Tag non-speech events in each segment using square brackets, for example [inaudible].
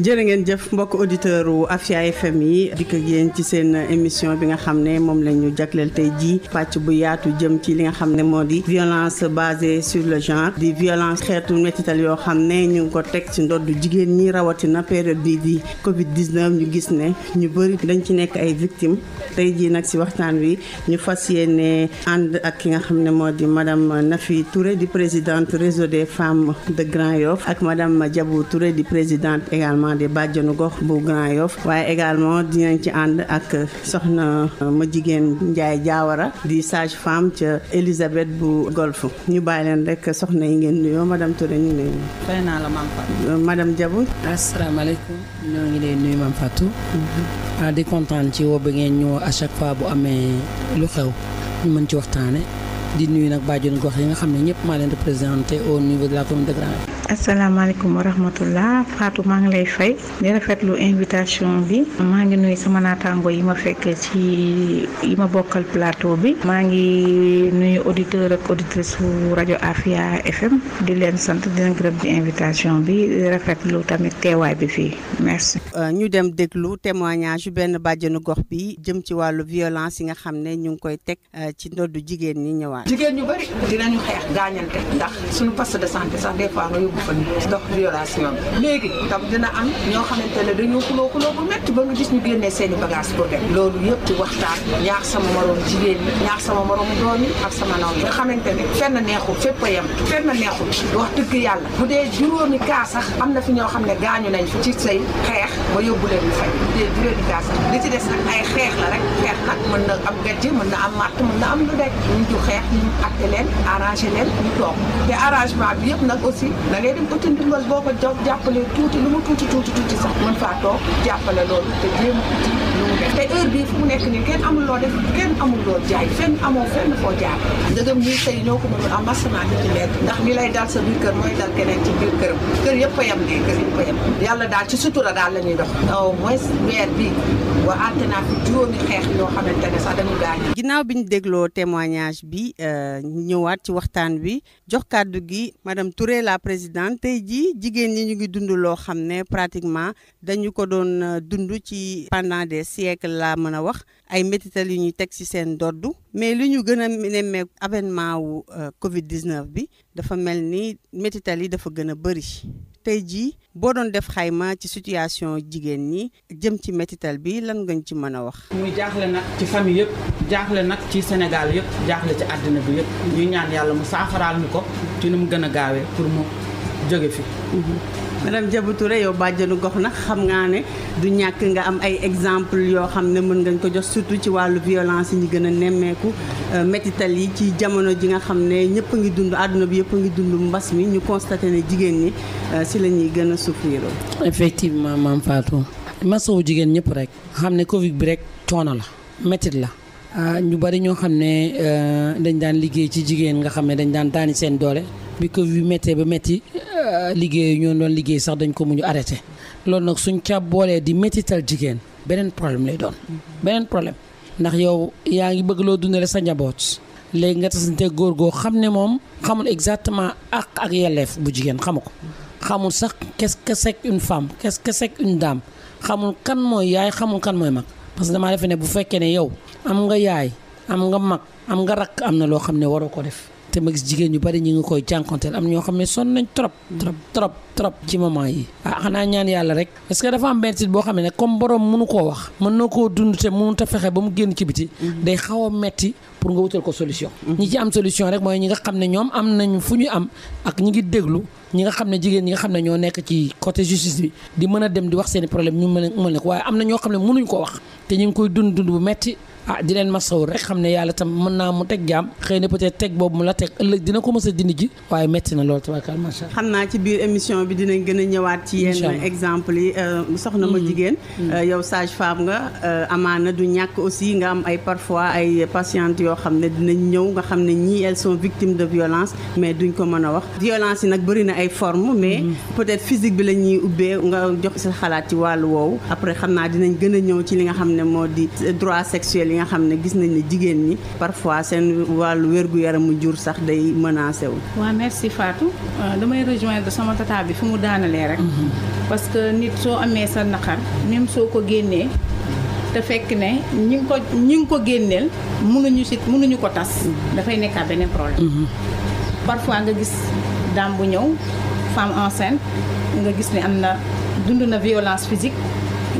jërë ngeen jëf mbokk auditeur u Afia FM yi dikk ak yéen ci seen émission bi nga xam ne moom la ñu jagleel tey jii pàcc bu yaatu jëm ci li nga xam ne moo di violence basée sur le genre di violence xeetu métital yoo xam ne ñu ngi ko teg ci ndoddu jigéen ñi rawatina période bii di Covid 19 ñu gis ne ñu bëri dañ ci nekk ay victimes tey jii nag si waxtaan wi ñu fas yéene ànd ak ki nga xam ne moo di madame Nafi Touré di présidente réseau des femmes de Grand Yoff ak madame Diabou Touré di présidente également. groupement des bàjjanu gox bu Grand Yoff waaye également dinañ ci ànd ak soxna euh, ma jigéen Ndiaye Diawara di sage femme ca Elisabeth bu Golf ñu bàyyi leen rek soxna yi ngeen nuyoo madame Touré ñu ngi lay nuyu. Euh, madame Diabou. asalaamaaleykum ñoo ngi leen nuyu Mame Fatou. Mm-hmm. Ah, di kontaan ci woo bi ngeen ñëw à chaque fois bu amee lu xew ñu mën ci waxtaane di nuyu nag bàjjenu gox yi nga xam ne ñëpp maa leen représenté au niveau de la commune de Grand asalaamaaleykum wa rahmatullah Fatou maa ngi lay fay di rafetlu invitation bi maa ngi nuyu sama naataango yi ma fekk ci yi ma bokkal plateau bi maa ngi nuyu auditeur ak auditrice rajo Afia FM di leen sant di leen ci invitation bi rafetlu tamit teewaay bi fii merci. Euh, ñu dem déglu témoignage yu benn bàjjenu gox bi jëm ci wàllu violence yi nga xam ne ñu ngi koy teg euh, ci ndoddu jigéen ñi ñëwaat. waay jigéen ñu bëri dinañu xeex gaañante ndax suñu poste de santé sax des fois nga yóbbu fa ni dox violation léegi tam dina am ñoo xamante ne dañoo xuloo xuloo bu métti ba nga gis ñu génnee seen i bagage pour loolu yëpp ci waxtaan ñaax sama morom jigéen ñi ñaax sama morom doom yi ak sama naw yi xamante ne fenn neexul fépp a yem fenn neexul wax dëgg yàlla bu dee juróomi kaa sax am na fi ñoo xam ne gaañu nañ ci say xeex ba yóbbu leen mu fay bu dee juróomi kaa li ci des nag ay xeex la rek xeex nag mën na am gàcce mën na am màtt mën na am lu daj ñu xeex acté leen arrangé leen toog te arrangement bi yëpp nag aussi da ngay dem uti ndimbal boo ko jox jàppale tuuti lu mu tuuti tuuti tuuti sax mën faa toog jàppale loolu te jéem uti lu mu def te heure bii fu mu nekk nii kenn amul loo def kenn amul loo jaay fenn amoo fenn foo jaar ndëgëm ñuy sëy ñoo ko mënul am massement ci nekk ndax li lay dal sa biir kër mooy dal keneen ci biir këram kër yëpp a yem dee kër yëpp a yàlla daal ci sutura daal la ñuy dox au moins weer bi waa àtte naa fi juróomi xeex yoo xamante Euh, ñëwaat ci waxtaan wi jox kàddu gi madame Touré la présidente tey jii jigéen ñi ñu ngi dund loo xam ne pratiquement dañu ko doon euh, dund ci pendant des siècles laa mën a wax ay métital yu ñuy teg ci seen dodd mais li ñu gën a nemmee avènement wu euh, Covid 19 bi dafa mel ni métital yi dafa gën a bëri. tey jii boo doon def xayma ci situation jigéen ñi jëm ci métital bi lan ngañ ci mën a wax. muy jaaxle nag ci famille yëpp jaaxle nag ci Sénégal yëpp jaaxle ci àddina bi yëpp ñuy ñaan yàlla mu saafaraal ñu ko ci nu mu gën a gaawee pour mu jóge fi. Mm-hmm. madame Diabou Touré yow bàjjenu gox nag xam ngaa ne du ñàkk nga am ay exemple yoo xam ne mën ngañ ko jox surtout ci wàllu violence yi ñu gën a nemmeeku euh, métital yi ci jamono ji nga xam ne ñëpp a ngi dund àdduna bi yëpp a ngi dund mbas mi ñu constaté ne jigéen ñi euh, si la ñuy gën a souffrir effectivement maam Fatou masawu jigéen ñëpp rek xam ne Covid bi rek coono la métit la ah, ñu bari ñoo xam ne euh, dañ daan liggéey ci jigéen nga xam ne dañ daan daani seen doole bi Covid méttee ba métti liggéey ñoo doon liggéey sax dañ ko muñu arrêté loolu nag suñ ca boolee di méttital jigéen beneen problème lay doon. Mm-hmm. beneen problème ndax yow yaa ngi bëgg loo dundale sa njaboot. léegi nga tasante góor goo xam ne moom xamul exactement ak ak yelleef bu jigéen xamu ko xamul sax qu'est-ce que c'est une femme qu'est-ce que une dame xamul kan mooy yaay xamul kan mooy mag parce que damaa defe ne bu fekkee ne yow am nga yaay am nga mag am nga rakk am na loo xam ne waroo ko def te ma gis jigéen ñu bari ñu ngi koy jànkonteel am ñoo xam ne sonn nañ trop mm. trop trop trop ci moment yi ah xanaa ñaan yàlla rek parce que dafa am benn boo xam ne comme boroom mënu koo wax mën na koo dund te mënut a fexe ba mu génn ci biti mm-hmm. day xaw a metti pour nga wutal ko solution mm-hmm. ñi ci am solution rek mooy ñi nga xam ne ñoom am nañ fu ñu am ak ñu ngi déglu ñi nga xam ne jigéen ñi nga xam ne ñoo nekk ci côté justice bi di mën a dem di wax seen i problème ñu mën a mën waaye am na ñoo xam ne mënuñ ko wax te ñu ngi koy dund dund bu metti ah di leen masawu rek xam ne yàlla tam mën naa mu teg jaam xëy na peut-être teg boobu mu la teg ëllëg dina ko mës a dindi ji waaye metti na lool tabarkal macha allah naa ci biir émission bi dinañ gën a ñëwaat ci yenn exemple yi euh, soxna ma mm. jigéen mm. Euh, yow sage femme nga euh, amaana du ñàkk aussi nga am ay parfois ay patientes yoo xam ne dinañ ñëw nga xam ne ñii elles sont victimes de mais duñ ko mën a wax ay forme mais mm. peut-être physique bi la ñuy ubbee nga jox sa xalaat ci wàllu woowu après xam naa dinañ gën a ñëw ci li nga xam ne moo di droit sexuel yi nga xam ne gis nañ ne jigéen ñi parfois seen wàllu wér gu mu jur sax day menacé wu waaw merci Fatou euh, damay rejoindre sama tata bi fi mu daanalee rek mm-hmm. parce que nit soo amee sa naqar même soo ko génnee te fekk ne ñi ngi ko ñi ngi ko génneel mënuñu si mënuñu ko tas mm-hmm. dafay nekkaat beneen problème mm-hmm. parfois nga daam bu ñëw femme enceinte nga gis ne am na dund na violence physique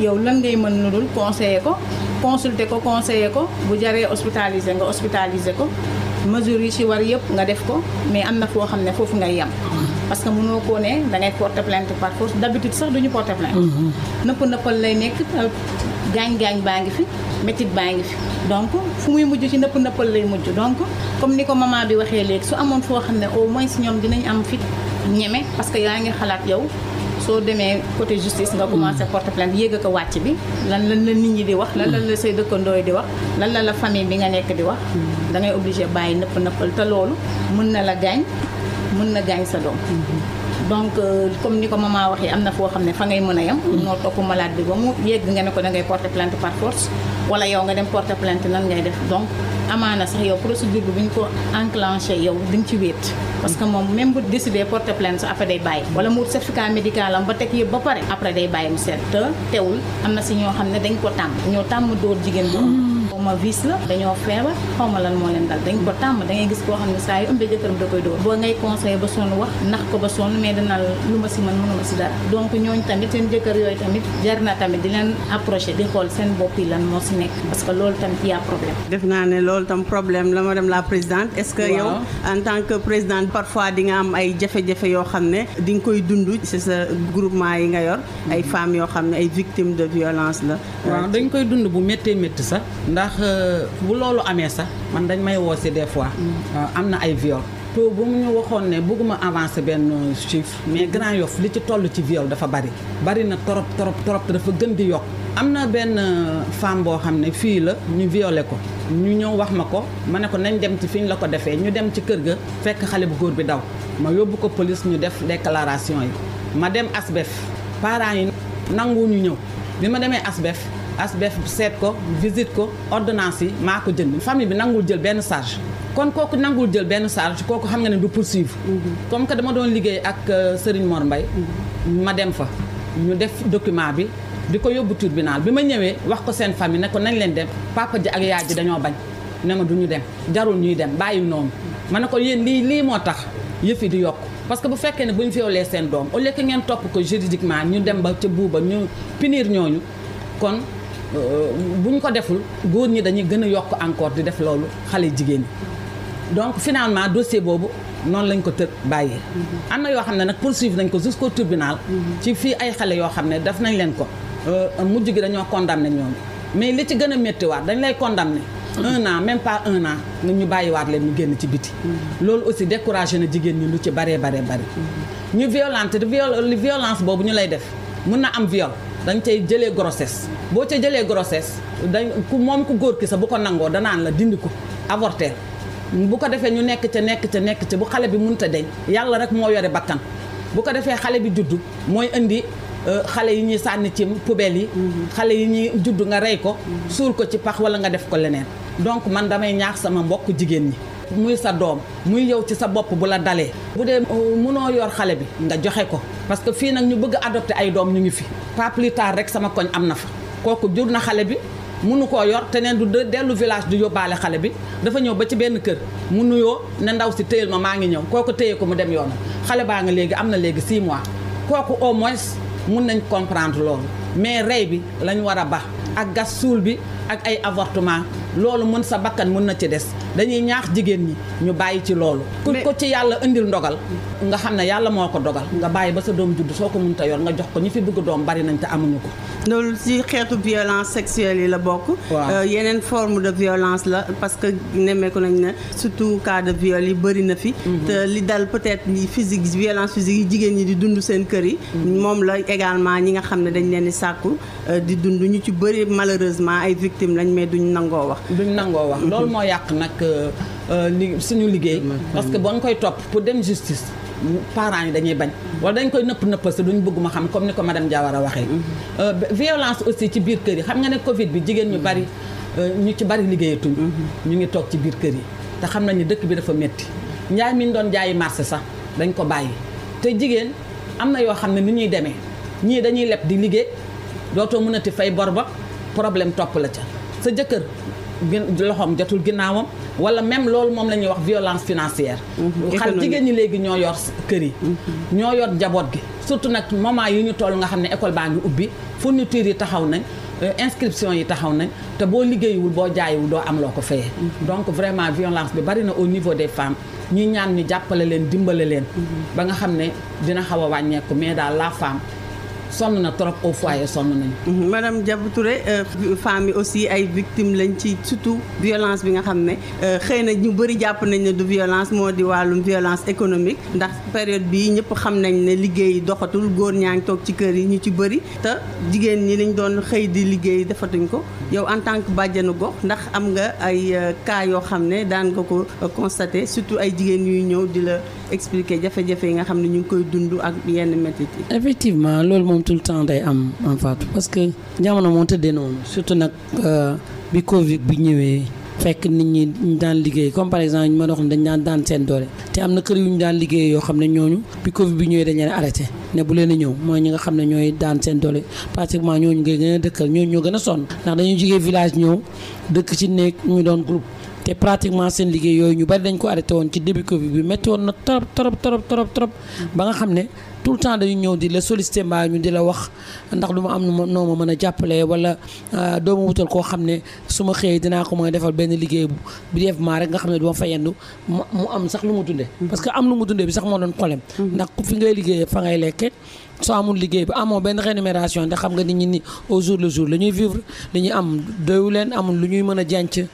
yow lan ngay mën lu dul conseiller ko consulter ko conseiller ko bu jaree hospitaliser nga hospitaliser ko mesures yi ci war yëpp nga def ko mais am na foo xam ne foofu ngay yem parce que mënoo koo ne da ngay porter plainte par force d'habitude sax duñu porter plainte mm-hmm. nëpp nëppal lay nekk gaañ-gaañ baa ngi fi métit baa ngi fi donc fu muy mujj ci nëpp nëppal lay mujj donc comme ni ko maman bi waxee léegi su amoon foo xam ne au moins ñoom dinañ am fit ñeme parce que yaa ngi xalaat yow soo demee côté justice nga commencé mm-hmm. porte plainte yéeg ko wàcc bi lan lan la nit ñi di wax lan lan la mm-hmm. say dëkkandooy di wax lan la la famille bi nga nekk di wax da ngay obligé bàyyi nëpp nëppal te loolu mën na la gaañ mën na gaañ sa doom donc euh, comme ni ko maman waxee am na foo xam ne fa ngay mën a moo noo topp malade bi ba mu yegg nga ne ko da ngay porter plainte par force wala yow nga dem porter plante nan ngay def donc amaana sax yow procédure bi bu ñu ko enclenché yow di nga ci wéet parce que moom même bu décidé porter plainte sa après day bàyyi wala mu certificat médical am ba teg yëpp ba pare après day bàyyi mu seet te teewul am na si ñoo xam ne dañ ko tàmm ñoo tàmm dóor jigéen bi xawma vis la dañoo feebar xawma lan moo leen dal dañ ko tàmm da gis koo xam ne saa yu ëmbee jëkkëram da koy dóor boo ngay conseillé ba sonn wax nax ko ba sonn mais dana lu ma si mën mënuma si dara donc ñooñu tamit seen jëkkër yooyu tamit jar na tamit di leen approché di xool seen bopp yi lan moo si nekk parce que loolu tamit y a problème def naa ne loolu tam problème la madame la présidente est-ce que yow en tant que présidente parfois di nga am ay jafe-jafe yoo xam ne di nga koy dund ci sa groupement yi nga yor ay mhm. femmes yoo xam ne ay victimes de violence la waaw dañ koy dund bu méttee ndax euh, bu loolu amee sax man dañ may woo si des fois mm. euh, am na ay viol taux bu mu ñu waxoon ne bëgguma avancer benn chiffre mais Grand Yoff li ci toll ci viol dafa bari bari na torop torop torop te dafa gën di yokk am na benn euh, femme boo xam ne fii la ñu violé ko ñu ñëw wax ma ko ma ne ko nañ dem ci fiñ la ko defee ñu dem ci kër ga fekk xale bu góor bi daw ma yóbbu ko police ñu def déclaration yi ma dem asbef parents yi nangu ñu ñëw bi ma demee asbef asbef seet ko visite ko ordonnance yi maa ko jënd famille bi nangul jël benn charge kon kooku nangul jël benn charge kooku xam nga ne du poursuivre mhm. comme que dama doon liggéey ak euh, Serigne Mor Mbaye mhm. ma dem fa ñu def document bi di ko yóbbu tribunal bi ma ñëwee wax ko seen famille ne ko nañ leen dem papa ji yaay ji dañoo bañ ne ma du ñu dem jarul ñuy dem bàyyi noonu ma ne ko yéen lii lii moo tax yëf yi di yokk parce que bu fekkee ne bu ñu feewlee seen doom au lieu que ngeen topp ko juridiquement ñu dem ba ca buuba ñu punir ñooñu kon Euh, bu ñu ko deful góor ñi dañuy gën a yokk encore di def loolu xale yi jigéen ñi donc finalement dossier boobu noonu lañ ko tër bàyyi mm-hmm. am na yoo xam ne nag poursuivre nañ ko jusqu'au tribunal. Mm-hmm. ci fii ay xale yoo xam ne def nañ leen ko. Euh, mujj gi dañoo condamné ñoom mais li ci gën a méttiwaat dañ lay condamné. un an même pas un an nga ñu bàyyiwaat leen ñu génn ci biti. Mm-hmm. loolu aussi découragé na jigéen ñi lu ci baree baree bari. ñu violente viol violence boobu ñu lay def mun na am viol. da nga cay jëlee grossesse boo ca jëlee grossesse dañ ku moom ku góor ki sa bu ko nangoo danaan la dindi ko avorter bu ko defee ñu nekk ca nekk ca nekk ca bu xale bi mënut a deñ yàlla rek moo yore bàkkan bu ko defee xale bi juddu mooy indi euh, xale yi ñuy sànni ci poubelle yi. Mm-hmm. xale yi ñuy juddu nga rey ko. Mm-hmm. suul ko ci pax wala nga def ko leneen. donc man damay ñaax sama mbokk jigéen ñi. lépp muy sa doom muy yow ci sa bopp bu la dalee bu dee euh, mënoo yor xale bi nga joxe ko parce que fii nag ñu bëgg adopté ay doom ñu ngi fi pas plus tard rek sama koñ am na fa kooku jur na xale bi mënu koo yor te neen du dellu village du yóbbaale xale bi dafa ñëw ba ci benn kër mu nuyoo ne ndaw si téyel ma maa ngi ñëw kooku téye ko mu dem yoonam xale baa nga léegi am na léegi 6 mois kooku au moins mun nañ comprendre loolu mais rey bi lañu war a ba ak gas suul bi ak ay avortement loolu mën sa bakkan mën na ci des dañuy ñaax jigéen ñi ñu bàyyi ci loolu ku ko ci yàlla indil ndogal nga xam ne yàlla moo ko dogal nga bàyyi ba sa doom juddu soo ko mënta yor nga jox ko ñu fi bëgg doom bari nañ te amuñu ko loolu ci xeetu violence sexuelle yi la bokk euh, yeneen forme de violence la parce que nemmeeku nañ ne surtout cas de viol yi bëri na fi mhm. te li dal peut-être physique violence physique yi jigéen ñi di dundu seen kër yi mhm. moom la également ñi nga xam ne dañ leen di sàkku euh, di dund ci bëri malheureusement ay victimes victime lañ mais duñ nangoo wax. duñ nangoo wax loolu moo yàq nag euh, euh, li suñu liggéey. parce que boo koy topp pour dem justice. parents yi dañuy bañ wala dañ koy nëpp nëppal sa duñ bëgg ma xam comme ni ko dem madame a waxee mm-hmm. euh, violence aussi ci biir kër yi xam nga ne covid bi jigéen ñu mm-hmm. bari ñu ci bari liggéeyatuñ mm-hmm. ñu ngi toog ci biir kër yi te xam nañu dëkk bi dafa metti njaay mi ñu doon jaayi marché sax dañ ko bàyyi te jigéen am na yoo xam ne ni ñuy demee ñii dañuy leb di liggéey dootoo mënati fay bor ba problème topp la ca sa jëkkër loxoom jotul ginnaawam wala même loolu moom la ñuy wax violence financière mhm. xal jigéen ñi léegi ñoo yor kër yi mhm. ñoo yor njaboot gi surtout nag moment yi ñu toll nga xam ne école baa ngi ubbi fourniture yi taxaw nañ euh, inscription yi taxaw nañ te boo liggéeyiwul boo jaayiwul doo am loo ko fayee mhm. donc vraiment violence bi bari na au niveau des femmes ñi ñaan ñu jàppale leen dimbale leen ba nga xam ne dina xaw a wàññeeku mais daal la femme sonn na trop au foyer sonn nañu. madame Diabou Touré euh, femmes yi aussi ay victimes lañ ci surtout violence bi nga xam ne euh, xëy na ñu bëri jàpp nañ ne du violence moo di wàllum violence économique ndax période bii ñëpp xam nañ ne liggéey doxatul góor ñaa ngi toog ci kër yi ñu ci bëri te jigéen ñi lañ doon xëy di liggéey defatuñ ko yow en tant que bàjjanu gox ndax am nga ay euh, cas yoo xam ne daan nga ko constater surtout ay jigéen yuy ñëw di la expliquer jafe-jafe yi nga xam ne ñu ngi koy dund ak yenn métit yi effectivement loolu moom tout le temps day am am parce que jamono moo tëddee noonu surtout nag euh, bi Covid bi ñëwee fekk nit ñi ñu daan liggéey comme par exemple ñu ma wax ne dañ daan seen doole te am na kër yu ñu daan liggéey yoo xam ne ñooñu bi Covid bi ñëwee dañ leen arrêté ne bu leen a ñëw mooy ñi nga xam ne ñooy daan seen doole pratiquement ñooñu ngay gën a dëkkal ñooñu ñoo gën a sonn ndax dañuy jógee village ñëw dëkk ci néeg ñu doon groupe. te pratiquement seen liggéey yooyu ñu bari dañ ko arrêté woon ci début Covid bi métti woon na trop trop trop ba nga xam ne tout le temps dañu ñëw di la solliciter mbaa ñu di la wax ndax du ma am noo ma mën a jàppale wala euh, doo ma wutal koo xam ne su ma xëyee dinaa ko mën a defal benn liggéey bu bi def maa rek nga xam ne du fa yendu mu am sax lu mu dundee. parce que am lu mu dundee bi sax moo doon problème. ndax fi ngay liggéeyee fa ngay lekkee. soo amul liggéey bi amoo benn rémunération ndax xam nga nit ñi ni le jour la ñuy vivre li ñuy am ñuy mën a jànc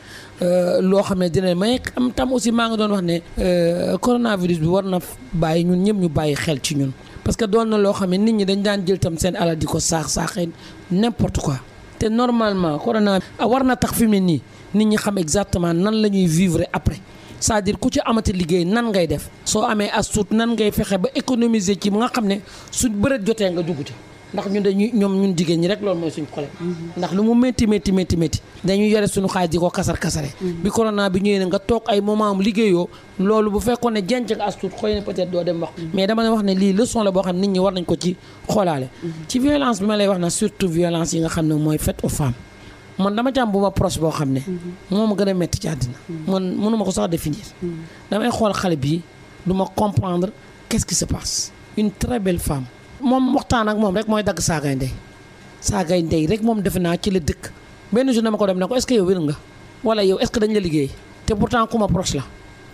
Euh, loo xam ne dina may am tam aussi maa ngi doon wax ne euh, coronavirus bi war na bàyyi ñun ñëpp ñu bàyyi xel ci ñun parce que doon na loo xam ne nit ñi dañ daan jël tam seen alal di ko saax saaxee n'importe quoi te normalement corona ah, war na tax fi mu nii nit ñi xam exactement nan la ñuy vivre après cest à ku ci amati liggéey nan ngay def soo amee as tuut nan ngay fexe ba économiser ci nga xam ne su bërët jotee nga dugg ci ndax ñun dañuy ñoom ñun jigéen ñi rek loolu mooy suñu problème ndax lu mu métti métti métti métti dañuy yore suñu xaalis di ko kasar kasare bi corona bi ñëwee nga toog ay moment am liggéeyoo loolu bu fekkoon ne jenc ak astuut xëy na peut doo dem wax mais dama ne wax ne lii leçon la boo xam ne nit ñi war nañ ko ci xoolaale ci violence bi ma lay wax na surtout violence yi nga xam ne mooy faite aux femmes man dama ci am bu ma proche boo xam ne moo ma gën a métti ci àddina man mënuma ko sax définir damay xool xale bii du ma comprendre qu'est-ce qui une très belle moom waxtaan ak moom rek mooy dagg saagay ndey saagay ndey rek moom defe naa ci la dëkk benn jour ma ko dem ne ko est que yow wér nga wala yow est-ce que dañ la liggéey te pourtant ku ma proche la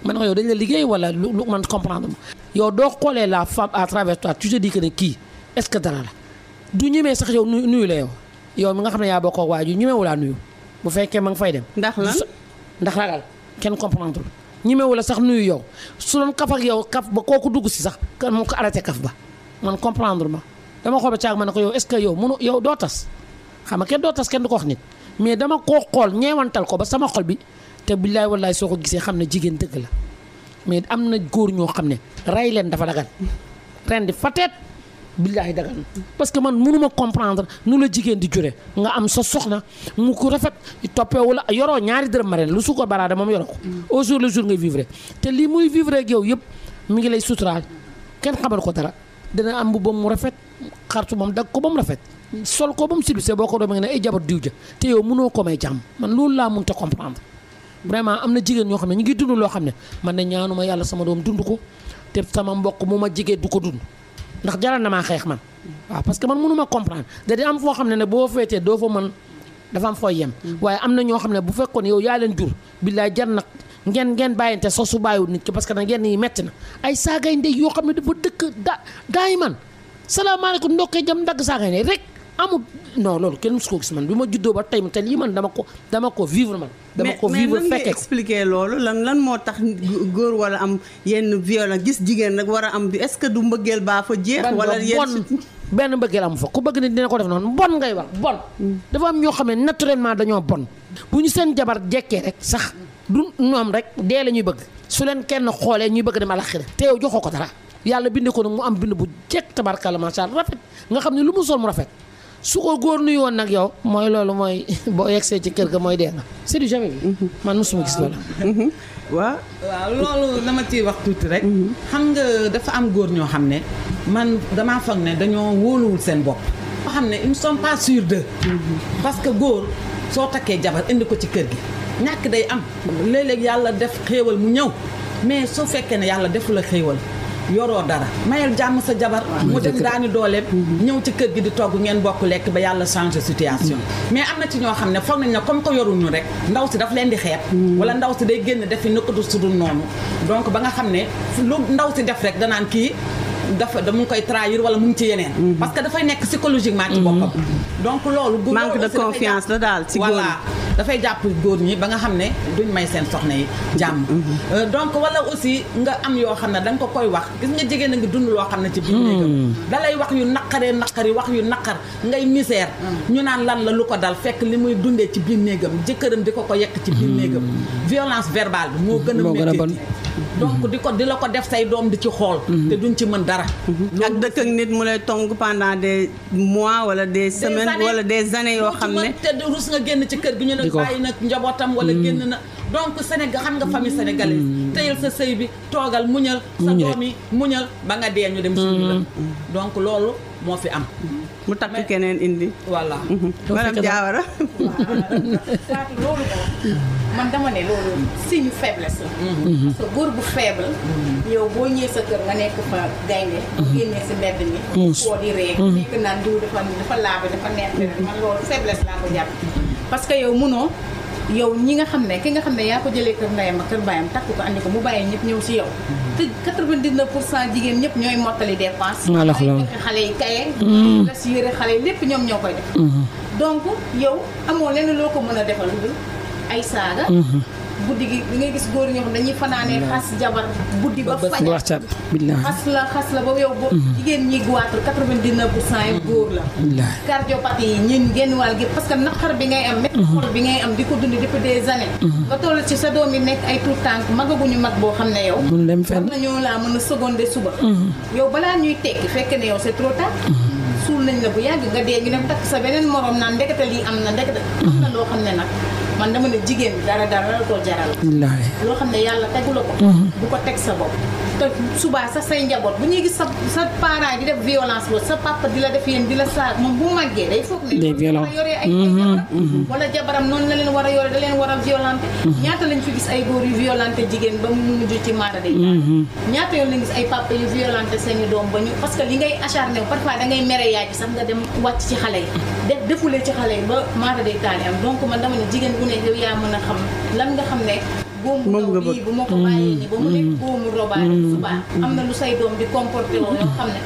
man ko yow dañ la liggéey wala lu man comprendre ma yow doo xoolee la femme à travers toi tu te dis que ne kii est-ce que dara la du ñemee sax yow nuyu la yow yow mi nga xam ne yaa bokk ak waa ji ñemewu laa nuyu bu fekkee ma ngi fay dem. ndax lan ndax ragal kenn comprendre ñemewu la sax nuyu yow su doon kaf yow kaf ba kooku dugg si sax kan moom ko arrêté ba. man comprendre ma dama xool ba caag ma ne ko yow est-ce que yow mënu yow doo tas xam nga kenn doo tas kenn du ko wax nit mais dama koo xool ñeewantal ko ba sama xol bi te billaay wallaay soo ko gisee xam ne jigéen dëgg la mais am na góor ñoo xam ne rey leen dafa dagan ren di fateet billaay dagan parce que man mënuma comprendre nu la jigéen di jure nga am sa soxna mu ku rafet toppee la yoroo ñaari dërëm ma ren lu su ko baraada moom yoroo au jour le jour ngay vivre te lii muy vivre ak yëpp mi ngi lay suturaal kenn xamal ko dara dana am mbubbam mu rafet xartu bam dag ko ba mu rafet sol ko ba mu silbise boo ko doon ne ay jabar diw ja te yow mënoo ko may jàmm man loolu laa mënta comprendre vraiment am na jigéen ñoo xam ne ñu ngi dund loo xam ne man ne ñaanuma yàlla sama doom dund ko te sama mbokk mu ma jigéen du ko dund ndax jaral na maa xeex man waaw parce que man mënuma comprendre da di am foo xam ne ne boo feetee doo fa mën dafa am fooy yem mm. waaye am na ñoo xam ne bu fekkoon yow yaa leen jur billaay jar na ngeen ngeen bàyyante so su bàyyiwul nit ki parce que nag yenn yi metti na ay saagay ndey yoo xam ne dafa dëkk da daay man salaamaaleykum ndokkee jëm ndagg saagay rek amul non kenn musu ko man bi ma juddoo ba tey te lii man dama ko dama ko vivre man. dama ko vivre fekkee loolu lan lan moo tax góor wala am yenn violence gis jigéen nag war a am bi est-ce que du mbëggeel baa fa jeex. wala yenn [laughs] benn mbëggeel amu fa ku bëgg nit dina ko def noonu bon ngay wax bon. Hmm. dafa am ñoo xam ne naturellement dañoo bon. bu ñu seen jabar jekkee rek sax. du ñoom rek dee la ñuy bëgg su leen kenn xoolee ñuy bëgg dem alaxira te yow joxoo ko dara yàlla binde ko nag mu am bind bu jekk tabarkalla macha allah rafet nga xam ne lu mu sol mu rafet su ko góor nuyu woon nag yow mooy loolu mooy [laughs] boo yegsee ci kër ga mooy dee na c'est du jamais bi mhm. man mosuma gis loolu mhm. waa waaw loolu dama ci wax tuuti rek mhm. xam nga dafa am góor ñoo xam ne man damaa foog ne dañoo wóoluwul seen bopp boo xam ne ils ne sont pas sûrs d'eux parce soo takkee jabar indi ko ci kër gi ñàkk day am léeg yàlla def xéewal mu ñëw mais soo fekkee ne yàlla defu la xéewal yoroo dara mayal jàmm sa jabar ah, mu dem daani dooleem mm-hmm. ñëw ci kër gi di togg ngeen bokk lekk ba yàlla changé situation mm-hmm. mais am na ci ñoo xam ne foog nañ ne comme ko yoruñu rek ndaw si dafa leen di xeet mm-hmm. wala ndaw si day génn defi nëkkatu sudul noonu donc ba nga xam ne lu ndaw si def rek danaan kii dafa da mu koy trahir wala mu ngi ci yeneen. Mhm. parce que dafay nekk psychologiquement ci mhm. boppam. donc loolu bu manque de confiance la daal ci góor dafay jàpp góor ñi ba nga xam ne duñ may seen soxna yi jàmm. Mhm. Euh, donc wala aussi nga am yoo xam ne da ko koy wax gis nga jigéen a ngi dund loo xam ne ci biir néegam. da lay wax yu naqaree naqari wax yu naqar ngay misère. ñu naan lan la lu ko dal fekk li muy dundee ci biir néegam jëkkëram di ko ko yekk ci biir néegam violence verbale bi moo gën a métti donc di ko di la ko def say doom di ci xool. Mhm. te duñ ci mën dara. Mhm. ak dëkk ak nit mu lay tong pendant des mois wala des semaines wala des années yoo xam ne. te rus nga génn ci kër gi ñu ne bàyyi nag njabootam wala mhm. génn na. donc Sénégal xam nga famille sénégalaise tëyal sa sëy bi toogal muñal. sa doom muñal ba nga dee ñu dem. suñu la donc loolu moo fi am. mu takk keneen indi. voilà mhm. madame Diawara. loolu man dama ne loolu signe faiblesse la. Mhm. parce que góor bu faible. Mhm. yow boo ñëwee sa kër nga nekk fa gaynde. génnee si mbedd mi. koo di ree nekk naan diw dafa dafa laabe dafa neex man loolu faiblesse laa ko jàpp. parce que munoo. yow ñi nga xam ne ki nga xam ne yaa ko jëlee kër ndeyam ak kër baayam takk ko andi ko mu bàyyi ñëpp ñëw si yow. Mhm. te 99 pour cent jigéen ñëpp ñooy mottali dépense. maa la xale yi kaye. la si yëre xale yi lépp ñoom ñoo koy def. Mhm. donc yow amoo lenn loo ko mën a defal ay saaga. Mhm. guddi gi li ngay gis góor ñoo xam dañuy fanaanee xas jabar guddi ba fajar xas la xas la ba yow boo mm-hmm. jigéen ñi goitre quatre-vingt-dix-neuf pour cent góor la cardiopathie yi ñun genn wàll gi parce que naqar bi ngay am métti mm-hmm. xol bi ngay am di ko dund depuis des années mm-hmm. nga toll ci sa doom yi nekk ay tout tànk magaguñu mag boo xam ne yow war nañoo laa mën a seconder suba yow balaa ñuy tekki fekk ne yow c'est trop tard suul nañ la bu yàgg nga dee ngi ne sa beneen morom naan ndekete lii am na ndekete loo xam ne nag man dama ne jigéen dara dara la ko jaral. loo xam ne yàlla tegu la ko. Mhm. bu ko teg sa bopp. te subaa sax say njaboot bu ñuy gis sa sa di def violence boobu sa papa di la def yéen di la saa moom bu màggee day foog ne war a yoree mhm, mhm. jabaram noonu la leen war a yore da leen war a violenté mhm. ñaata lañ fi gis ay góor yu violenté jigéen ba mu mujj ci maara day ñaata yoon lañ gis ay papa yu violenté seeni doom ba ñu parce que li ngay acharné parfois da ngay mere yaay bi sax nga dem wàcc ci xale yi def defule ci xale yi ba maara day a xam ma subaa am na lu say doom di comporté loo yoo xam ne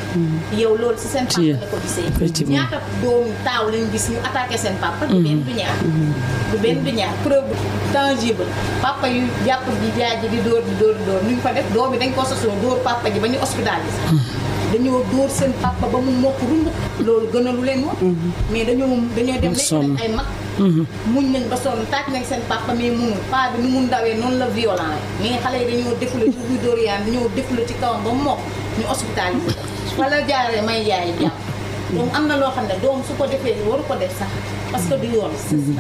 yow loolu si seen papa la ko gisee ñaata doom taaw lañ gis ñu attaqué seen papa du benn du ñaar mm-hmm. du benn du ñaar preuve tangible papa yu jàpp ji jaaji di dóor di dóor di dóor nuñ ko def doom bi dañ ko sosoo dóor papa ji ba ñu hospitalisé dañoo dóor seen papa ba mu mokk rumb loolu gënalu leen woon mhm. mais dañoo dañoo dem lekk ay mag mhm. muñ nañ ba sonn taaj nañ seen papa mais mu paa bi nu mu ndawee noonu la violent mais xale yi dañoo defula ci [laughs] buy dóor yaayam dañoo defula ci kawam ba mu mokk ñu hospitalisé [laughs] la jaaree may yaay jàpp donc am na loo xam ne doom su ko defee waru ko def sax parce que du yoon mhm.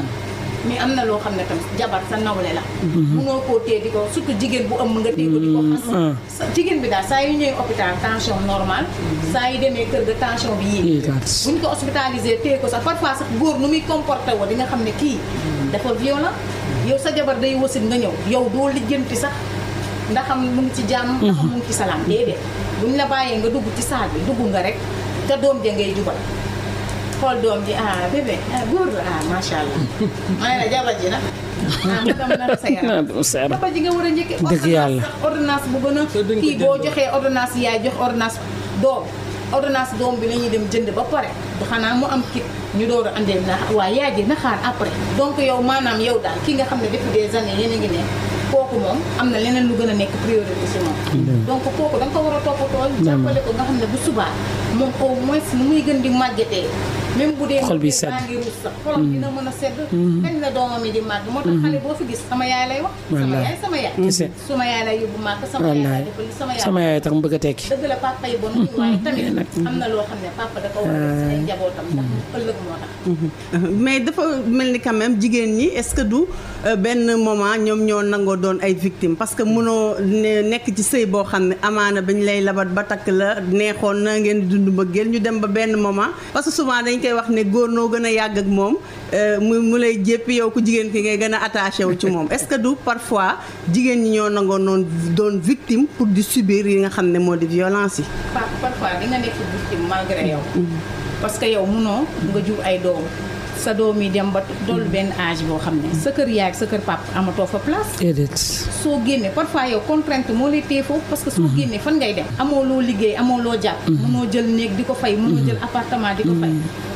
mais am na loo xam ne tam jabar sa nawle la mhm. munoo koo téye di ko surtout jigéen bu ëmb nga téye ko di ko mhm. xas ah. jigéen bi daal saa yu ñëw hôpital tension normale mhm. saa yu demee kër ga tension bi yii buñ ko hospitalisé téye ko sax parfois sax góor nu muy comporté woo di nga xam ne kii dafa violent yow sa jabar day wasit nga ñëw yow doo lijjanti sax ndaxam mu ngi ci jàmm ndaxam mu ngi ci salaam déedéet buñ la bàyyee nga dugg ci saal bi dugg nga rek te doom ja ngay jubal xool doom ji ah bébé ah góor la ah, allah. [laughs] ma ne ji nag. Ah, mu dem nar a sa [laughs] ji nga war a njëkk. dëgg yàlla ordonnance bu gën a. kii boo joxee ordonnance yaay jox ordonnance doom. ordonnance doom bi la ñuy dem jënd ba pare xanaa mu am kit ñu door a andee na waaye yaay ji na xaar après. donc yow maanaam yow daal ki nga xam ne depuis des années yéen a ngi ne kooku moom am na leneen lu gën a nekk priorité si moom. donc kooku da ko war a toppatoo. jàppale ko nga xam ne bu subaa moom au moins nu muy gën di màggetee. même bu dee bi sedd ngi rus mm. mm. la doomam mm-hmm. boo fi gis sama yaay lay a tekki dafa mel ni quand même jigéen ñi est-ce que du euh, benn moment ñoom ñoo nangoo doon ay victimes parce que mënoo nekk ci sëy boo xam ne amaana bañ lay labat ba takk la neexoon na ngeen di dund mbëggeel ñu dem ba benn moment parce que dañ koy wax ne góor noo gën a yàgg ak moom euh, mu mu lay jéppi yow ku jigéen ki ngay gën a attaché wu ci moom est-ce que du parfois jigéen ñi ñoo nangoo noon doon victime pour di subir yi nga xam ne moo di violence yi. parfois di nekk victime malgré yow. Mm-hmm. parce que yow munoo nga jur ay doom. sa doom yi dem ba dool benn âge boo xam ne sa kër yaay ak sa kër pap amatoo fa place soo génnee parfois yow contrainte moo lay téye parce que soo mhm. génnee fan ngay dem amoo loo liggéey amoo loo jàpp mhm. mënoo jël néeg di ko fay mënoo jël mhm. appartement di ko fay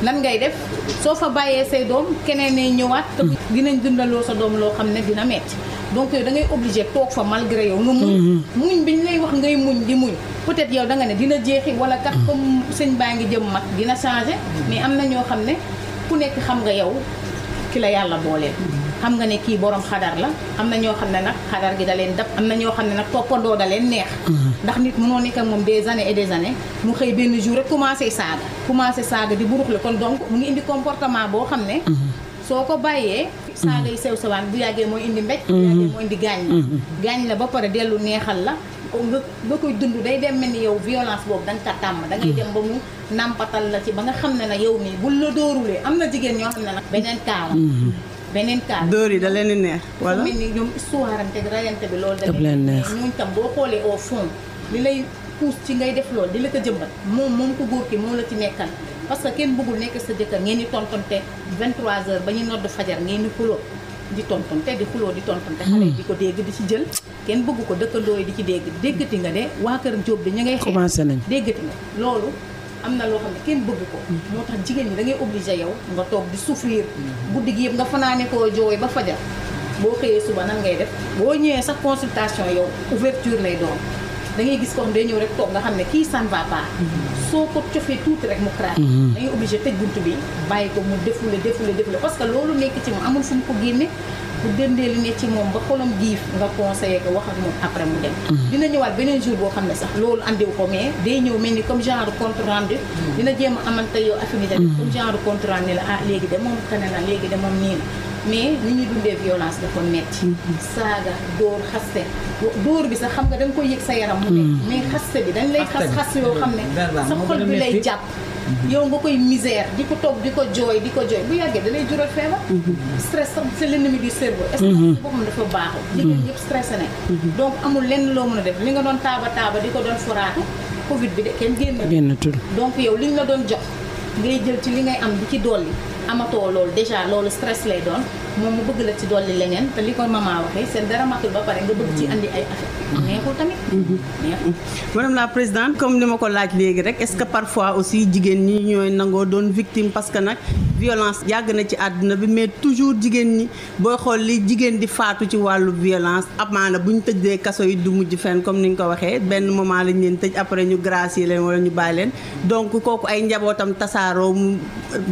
nan ngay def soo fa bàyyee say doom keneen ne ñëwaat dinañ dundaloo sa doom loo xam ne dina metti donc yow da ngay obligé toog fa malgré yow nga muñ muñ ñu lay wax ngay muñ di muñ peut-être yow da nga ne dina jeexi wala kat comme sëñ baa ngi jëm mag dina changé mais am na ñoo xam ne ku nekk xam nga yow ki la yàlla booleel. xam nga ne kii borom xadar la am na ñoo xam ne nag xadar gi da leen dab am na ñoo xam ne nag toppandoo da leen neex. Mhm. ndax nit mënoo nekk ak moom des années et des années mu xëy benn jour rek commencé saaga commencé saaga di buruxle kon donc mu ngi indi comportement boo xam ne. Mhm. soo ko bàyyee. Mhm. saaga yi sew sewaan bu yàggee mooy indi mbéj. bu yàggee mooy indi gaañ la. gaañ la ba pare dellu neexal la. nga nga koy dund day dem mel ni yow violence boobu da nga ko tàmm da hmm. dem ba mu nàmpatal la ci ba nga xam ne nag yow mii bu la dóorulee am na jigéen ñoo xam ne nag beneen kaala hmm. beneen kaal dóor yi da leen neex. wala mel ni ñoom histoire te rayante bi loolu. da leen neex ñooñu boo xoolee au fond li lay pousse ci ngay def loolu di la ko jëmbat moom moom ko góor ki moo la ci nekkal parce que kenn bëggul nekk sa jëkkër ngeen di tontonte 23h ba ñu nodd fajar ngeen di xuloo di tontonte di xuloo di tontonte hmm. xale yi di ko dégg di ci jël kenn bëgg ko dëkkandoo yi di ci dégg déggati nga ne waa kër Jóob bi ñu ngay commencé nañ déggati nga loolu am na loo xam ne kenn bëgg ko hmm. moo tax jigéen ñi dangay ngay obligé yow nga toog di souffrir hmm. guddi gi yëpp nga fanaane koo jooy ba fajar boo xëyee suba nan ngay def boo ñëwee sax consultation yow ouverture lay doon da ngay gis ko xam day ñëw rek toog nga xam ne kii ça ne va pas. soo ko cofee tuuti rek mu craqué. Mhm. da ngay obligé tëj bunt bi bàyyi ko mu la défoule défoule parce que loolu nekk ci moom amul fu ko génne. bu dëndee ci moom ba xolam giif nga conseillé ko wax moom après mu dem. Mhm. dina ñëwaat beneen jour boo xam ne sax loolu andiw ko mais day ñëw mel ni comme genre compte rendu. Mhm. dina jéem a amante yow affinité. comme genre compte rendu la ah léegi de moom kane léegi de moom nii na. mais ni ñuy dundee violence dafa metti mm-hmm. saaga dóor xaste dóor bi sax xam nga da nga koy yëg sa yaram mu ne mm-hmm. mais xaste bi dañ lay xas xas yoo xam ne sa xol bi lay jàpp mm-hmm. yow nga koy misère di ko toog di ko jooy di ko jooy bu yàggee dalay jural feebar stress sax c'est l'ennemi du cerveau stress boo xam dafa baaxul jigéen yëpp stressé nañ donc amul lenn loo mën a def li nga doon taaba taaba di ko doon foraatu covid bi de kenn génnatul donc yow li ñu la doon jox ngay jël ci li ngay am di ci dolli amatoo loolu déjà loolu stress lay doon moom mu bëgg la ci dolli leneen te li ko maman waxee seen dara matul ba pare nga bëgg ci andi ay affaire neexul tamit mm-hmm. madame la présidente comme ni ma ko laaj léegi rek est-ce que parfois aussi jigéen ñi ñooy nangoo doon victime parce que nag violence yàgg na ci àdduna bi mais toujours jigéen ñi booy xool li jigéen di faatu ci wàllu violence amaana bu ñu tëjee kaso yi du mujj fenn comme ni nga ko waxee benn moment lañ leen tëj après ñu gracier leen wala ñu bàyyi leen donc kooku ay njabootam tasaaroo mu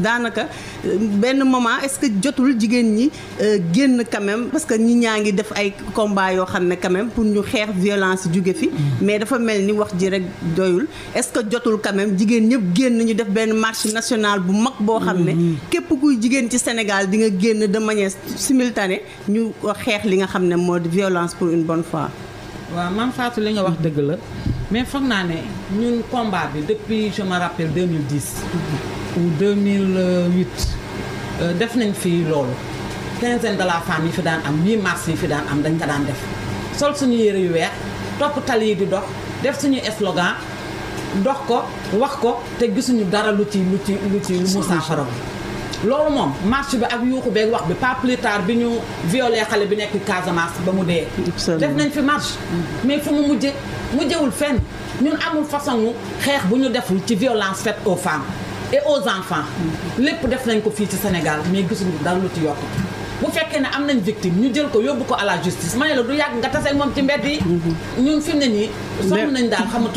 daanaka benn moment est-ce que jotul jigéen ñi euh, génn quand même parce que ñi ñaa ngi def ay combat yoo xam ne quand pour ñu xeex violence jóge fi mm. mais dafa mel ni wax ji rek doyul est-ce que jotul quand jigéen ñëpp génn ñu def benn marche national bu mag boo xam ne mm-hmm. képp kuy jigéen ci Sénégal di nga génn de manière ñu xeex li nga xam ne moo di violence pour une bonne fois waaw man Fatou li nga wax dëgg la mais foog naa ne ñun combat bi depuis je me fàttaliku euh, 2008 def nañ fi loolu quinzaine de la femme yi fi daan am 8 mars yi fi daan am dañ ko daan def sol suñu yére yu weex topp tali yi di dox def suñu slogan dox ko wax ko te gisuñu dara lu ci lu ci lu ci lu mu saafara loolu moom marche bi ak yuuxu beeg wax bi pas plus tard bi ñu violé xale bi nekk Casamance ba mu dee def nañ fi marche mais fu mu mujje mujjewul fenn ñun amul façon xeex bu ñu deful ci violence faite aux femmes et aux enfants lépp def nañ ko fii ci Sénégal mais gisuñu dara lu ci yokk bu fekkee ne am nañ victime ñu jël ko yóbbu ko à justice ma la du yàgg nga tase moom ci mbedd yi mhm. ñun fi mu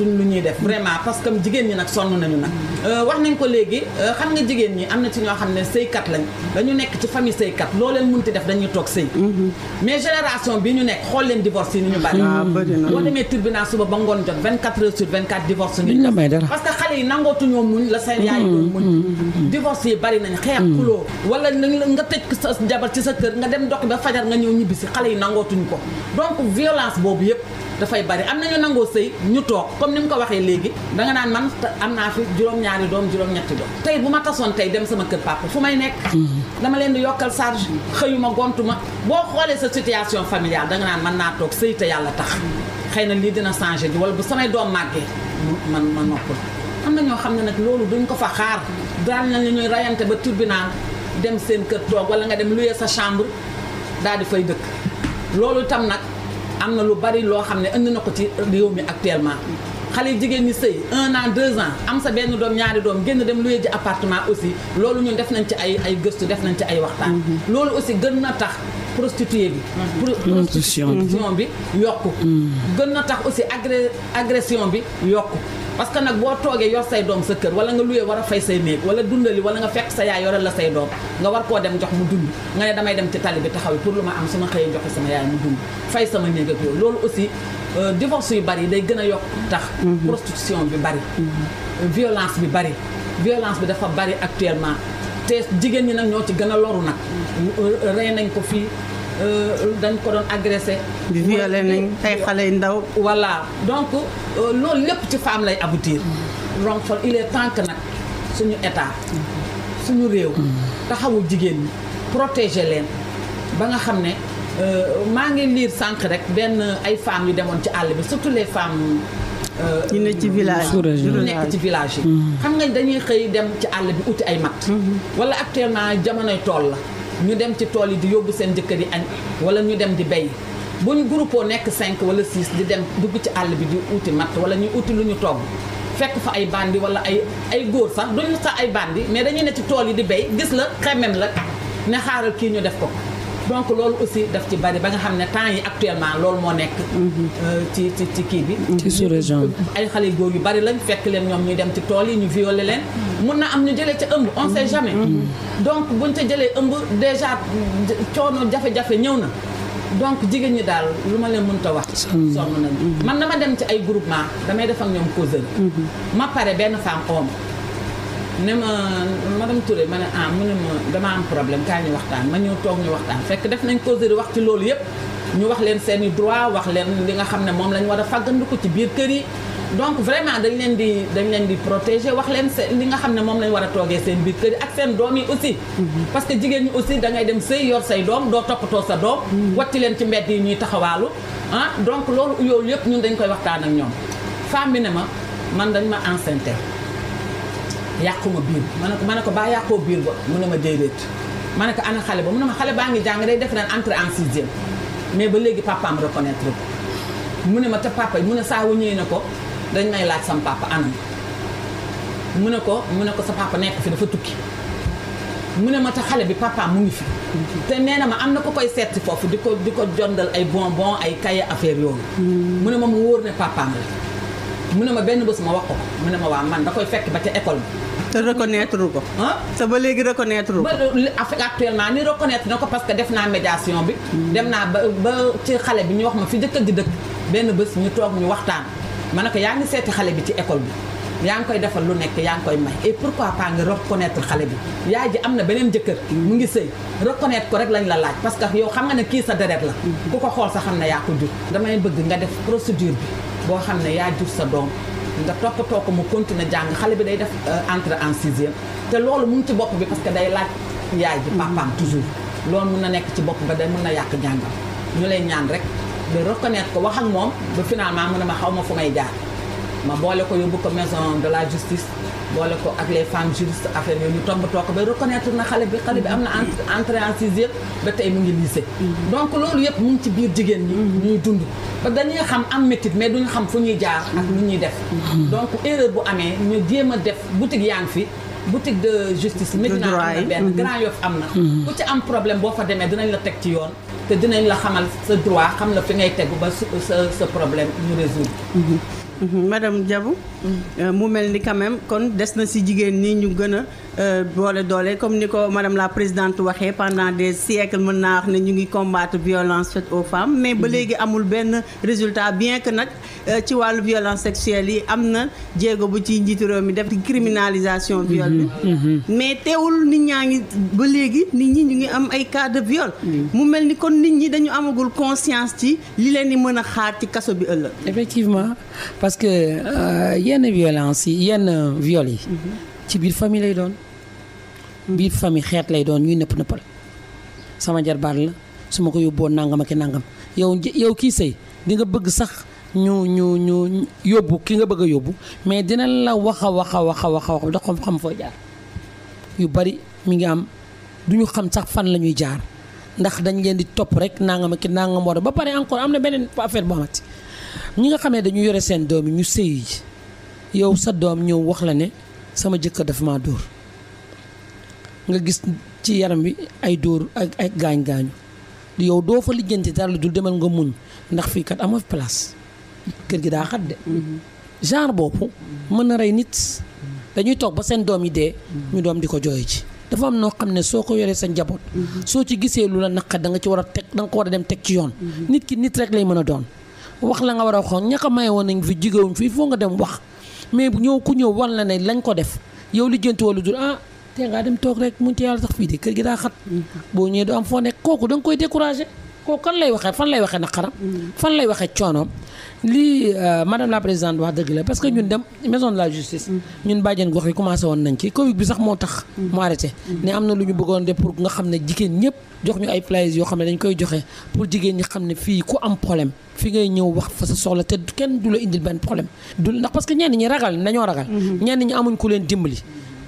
ne ñi nag sonn nañu nag euh, wax nañ ko léegi euh, xam nga jigéen ñi am na ci ñoo xam ne sëykat lañ dañu nekk ci famille sëykat loo leen munti def dañuy toog sëy mhm. mais génération bi ñu nekk xool leen divorce yi ni ñu bari ah, boo demee tribunal suba ba ngoon jot 24 heures sur 24 divorce ni ñu parce que xale yi nangootuñoo muñ la seen yaay mhm. doon muñ divorce yi bari nañ xeex xuloo wala nga tëj sa jabar sa nga dem doxi ba fajar nga ñëw ñibbisi xale yi nangootuñ ko donc violence boobu yëpp dafay bari am na nañu nangoo sëy ñu toog comme ni mu ko waxee léegi danga naan man am naa fi juróom-ñaari doom juróom-ñetti doom tey bu ma tasoon tey dem sama kër papa fu may nekk mm-hmm. dama leen di yokkal charge xëyuma gontuma boo xoolee sa situation familiale danga naan man naa toog sëy te yàlla tax xëy na lii dina changé ji wala bu samay doom màggee man ma noppal am na ñoo xam ne nag loolu duñ ko fa xaar daal na ñuy rayante ba tribunal dem seen kër toog wala nga dem luye sa chambre daal di fay dëkk loolu tam nag am na lu bari loo xam ne indi na ko ci réew mi actuellement xale yi jigéen ñi sëy un an deux ans am sa benn doom ñaari doom génn dem luye ji appartement aussi loolu ñu def nañ ci ay ay gëstu def nañ ci ay waxtaan mm-hmm. loolu aussi gën na tax prostituée bi. Mm-hmm. prostitution bi yokku. Mm-hmm. gën na tax aussi agré agression bi yokk parce que nag boo toogee yor say doom sa kër wala nga luwee war a fay say néeg wala dundali wala nga fekk sa yaay yoral la say doom nga war koo dem jox mu dund nga ne damay dem ci tali bi taxaw pour lu ma am su ma xëyee joxe sama yaay mu dund fay sama néeg ak loolu aussi euh, divorce yu bari day gën a yokk tax. Mm-hmm. prostitution bi bari. Euh, violence bi bari. violence bi dafa bari actuellement. te jigéen ñi nag ñoo ci gën a loru nag. rey nañ ko fii euh, dañ ko doon agressé. violé nañ ay xale yu ndaw. voilà donc euh, loolu yépp ci femme lay aboutir. donc il est temps nag suñu état. suñu réew. taxawul jigéen ñi protéger leen ba nga xam ne euh, maa ngi liir sànq rek benn ay femmes yu demoon ci àll bi surtout les femmes. ñu ne ci village ñu nekk ci village yi mm-hmm. xam nga dañuy xëy dem ci àll bi uti ay matt mm-hmm. wala actuellement jamonoy tool la ñu dem ci tool yi di yóbbu seen jëkkër yi añ wala ñu dem di béy bu ñu groupe nekk 5 wala 6 di dem dugg ci àll bi di uti matt wala ñu uti lu ñu togg fekk fa ay bandi wala ay ay góor sax duñu sax ay bandi mais dañuy ne ci tool yi di béy gis la xemem la ne xaaral kii ñu def ko donc loolu aussi daf ci bari ba nga xam ne temps yi actuellement loolu moo nekk. Euh, ci ci ci kii bi. ci sous-région ay xale yu góor yu bari lañ fekk leen ñoom ñuy dem ci tool yi ñu violé leen. mun na am ñu jëlee ca ëmb on sait jamais. Mm-hmm. donc buñ ca jëlee ëmb déjà coono jafe-jafe ñëw na. donc jigéen ñi daal lu ma leen mun mënta wax. mun sonn nañu man ma dem ci ay groupement damay def ak ñoom causerie. Mm-hmm. ma pare benn femme ne ma madame Touré ma ne ah mu ne ma dama am problème kaa ñi waxtaan ma ñëw toog ñu waxtaan fekk def nañ causerie wax ci loolu yëpp ñu wax leen seen i droit wax leen li nga xam ne moom lañ war a fàggandiku ci biir kër yi donc vraiment dañ leen di dañ leen di protéger wax leen seen li nga xam ne moom lañ war a toogee seen biir kër yi ak seen doom yi aussi mm-hmm. parce que jigéen ñi aussi dangay ngay dem sëy yor say doom doo toppatoo sa doom mm-hmm. watti leen ci mbedd yi ñuy taxawaalu ah donc loolu yooyu yépp ñun dañ koy waxtaan ak ñoom femme bi ne ma man dañ ma enceinte yàquma biir ma ne ko ma ne ko baa yàqoo biir ba mu ne ma déedéet ma ne ko ana xale ba mu ne ma xale baa ngi jàng day def naan entrée en sixième mais ba léegi papaam reconnaître ko mu ne ma te papa mu ne saa ñëwee na ko dañ may laaj sam papa anam mu ne ko mu ne ko sa papa nekk fi dafa tukki mu ne ma te xale bi papaam mu ngi fi te nee na ma am na ko koy seeti foofu di ko di ko jondal ay bonbon ay kaye affaire yooyu hmm. mu ne ma mu wóor ne papaam la mu ne ma benn bés ma wax ko mu ne ma waa man da koy fekk ba ca école bi. te reconnaître ko. ah te ba léegi reconnaître ko. ba actuellement ni reconnaître na ko parce que def naa médiation bi. Hmm. dem naa ba ba ci xale bi ñu wax ma fi jëkkër ji dëkk. benn bës ñu toog ñu waxtaan ma ne ko yaa ngi seeti xale bi ci école bi. yaa ngi koy defal lu nekk yaa ngi koy may pour pourquoi pas nga reconnaître xale bi yaay ji am na beneen jëkkër hmm. mu ngi sëy reconnaître ko rek lañ la laaj parce que yow xam nga ne kii sa deret la hmm. ku ko xool sa xam ne yaa ko jur damay bëgg nga def procédure bi boo xam ne yaa jur sa doom nga toppatoo ko mu continuer jàng xale bi day def euh, entre en sixième te loolu mu ci bopp bi parce que day laaj yaay ji papaam mm-hmm. toujours loolu mun na nekk ci bopp ba day mun na yàq jàngam ñu lay ñaan rek de reconnaître ko wax ak moom ba finalement mun na ma xaw ma fu may jaar ma boole ko yóbbu ko maison de la justice boole ko ak les femmes juristes affaire yooyu ñu tomb toog ba reconnaître na xale bi xale bi am na entrée en sixième ba tey mu ngi lycée mm-hmm. donc loolu yëpp mu ngi ci biir jigéen ñi mm-hmm. ñuy dund ba dañuy xam am métit mais duñu xam fu ñuy jaar ak lu ñuy def mm-hmm. donc erreur bu amee ñu jéem a def boutique yaa ngi fi boutique de justice Médina am na benn Grand Yoff am na ku ci am problème boo fa demee dinañ la teg ci yoon te dinañ la xamal sa droit xam la fi ngay tegu ba sa sa problème ñu résoudre Mhm, madame Diabou mm. euh, mu mel ni quand même kon des na si jigéen ñi ñu gën a euh, boole doole comme ni ko madame la présidente waxee pendant des siècles mën naa wax ne ñu ngi combattre violence faite aux femme mais ba mm-hmm. léegi amul benn résultat bien que nag euh, ci wàllu violence sexuelle yi am na jéego bu ci njiitu réew mi def criminalisation mm-hmm. viol bi mm-hmm. mais teewul nit ñaa ngi ba léegi nit ñi ñu ngi am ay cas de viol mu mel ni kon nit ñi dañu amagul conscience ci li leen di mën a xaar ci kaso bi ëllëg parce euh, yenn violence yenn viol yi. ci biir famille lay doon. biir famille xeet lay doon ñuy nëpp nëppal. sama jarbaat la su ma ko yóbboon nangam ak nangam yow yow kii sëy di nga bëgg sax ñu ñu ñu yóbbu ki nga bëgg yóbbu mais dina la wax a wax a wax a wax dox xam foo jaar. yu bari mi ngi am duñu xam sax fan la ñuy jaar ndax dañ leen di topp rek nangam ki nangam war ba pare encore am na beneen affaire boo ñi nga xamee dañu yore seen doom yi ñu sëy ji yow sa doom ñëw wax la ne sama jëkkër dafa maa dóor nga gis ci yaram wi ay dóor ak ay gaañ-gaañu yow doo fa lijjanti dara du demal nga muñ ndax fii kat amoo fi place kër gi daa xat de mm-hmm. genre boobu mën na rey nit mm-hmm. dañuy toog ba seen doom yi dee ñu mm-hmm. doom di ko jooy ci dafa am noo xam ne soo ko yoree sa njaboot soo ci gisee lu la naqar da nga ci war a teg da nga ko war a dem teg ci yoon nit ki nit rek lay mën a doon wax la nga war a waxoon ña ko maye woon nañ fi jigéewuñ fii foo nga dem wax mais ñëw ku ñëw wan la ne lañ ko def yow lijjanti wala du ah te ngaa dem toog rek mu ci yàlla sax fii de kër gi daa xat mm-hmm. boo ñëwee du am foo nekk kooku da nga koy découragé ko kan lay waxee fan lay waxee na naqaram. fan lay waxee coonoom. lii euh, madame la présidente wax dëgg la parce que ñun dem maison de la justice. ñun bàjjen gox yi commencé woon nañ ci Covid bi sax moo tax. mu ne am na lu ñu bëggoon def pour nga xam ne jigéen ñëpp jox ñu ay places yoo xam ne dañ koy joxe pour jigéen ñi xam ne fii ku am problème fi ngay ñëw wax fa sa soxla te kenn du la indil benn problème. du ndax parce que ñenn ñi ragal nañoo ragal. Mhm. ñenn ñi amuñ ku leen dimbali.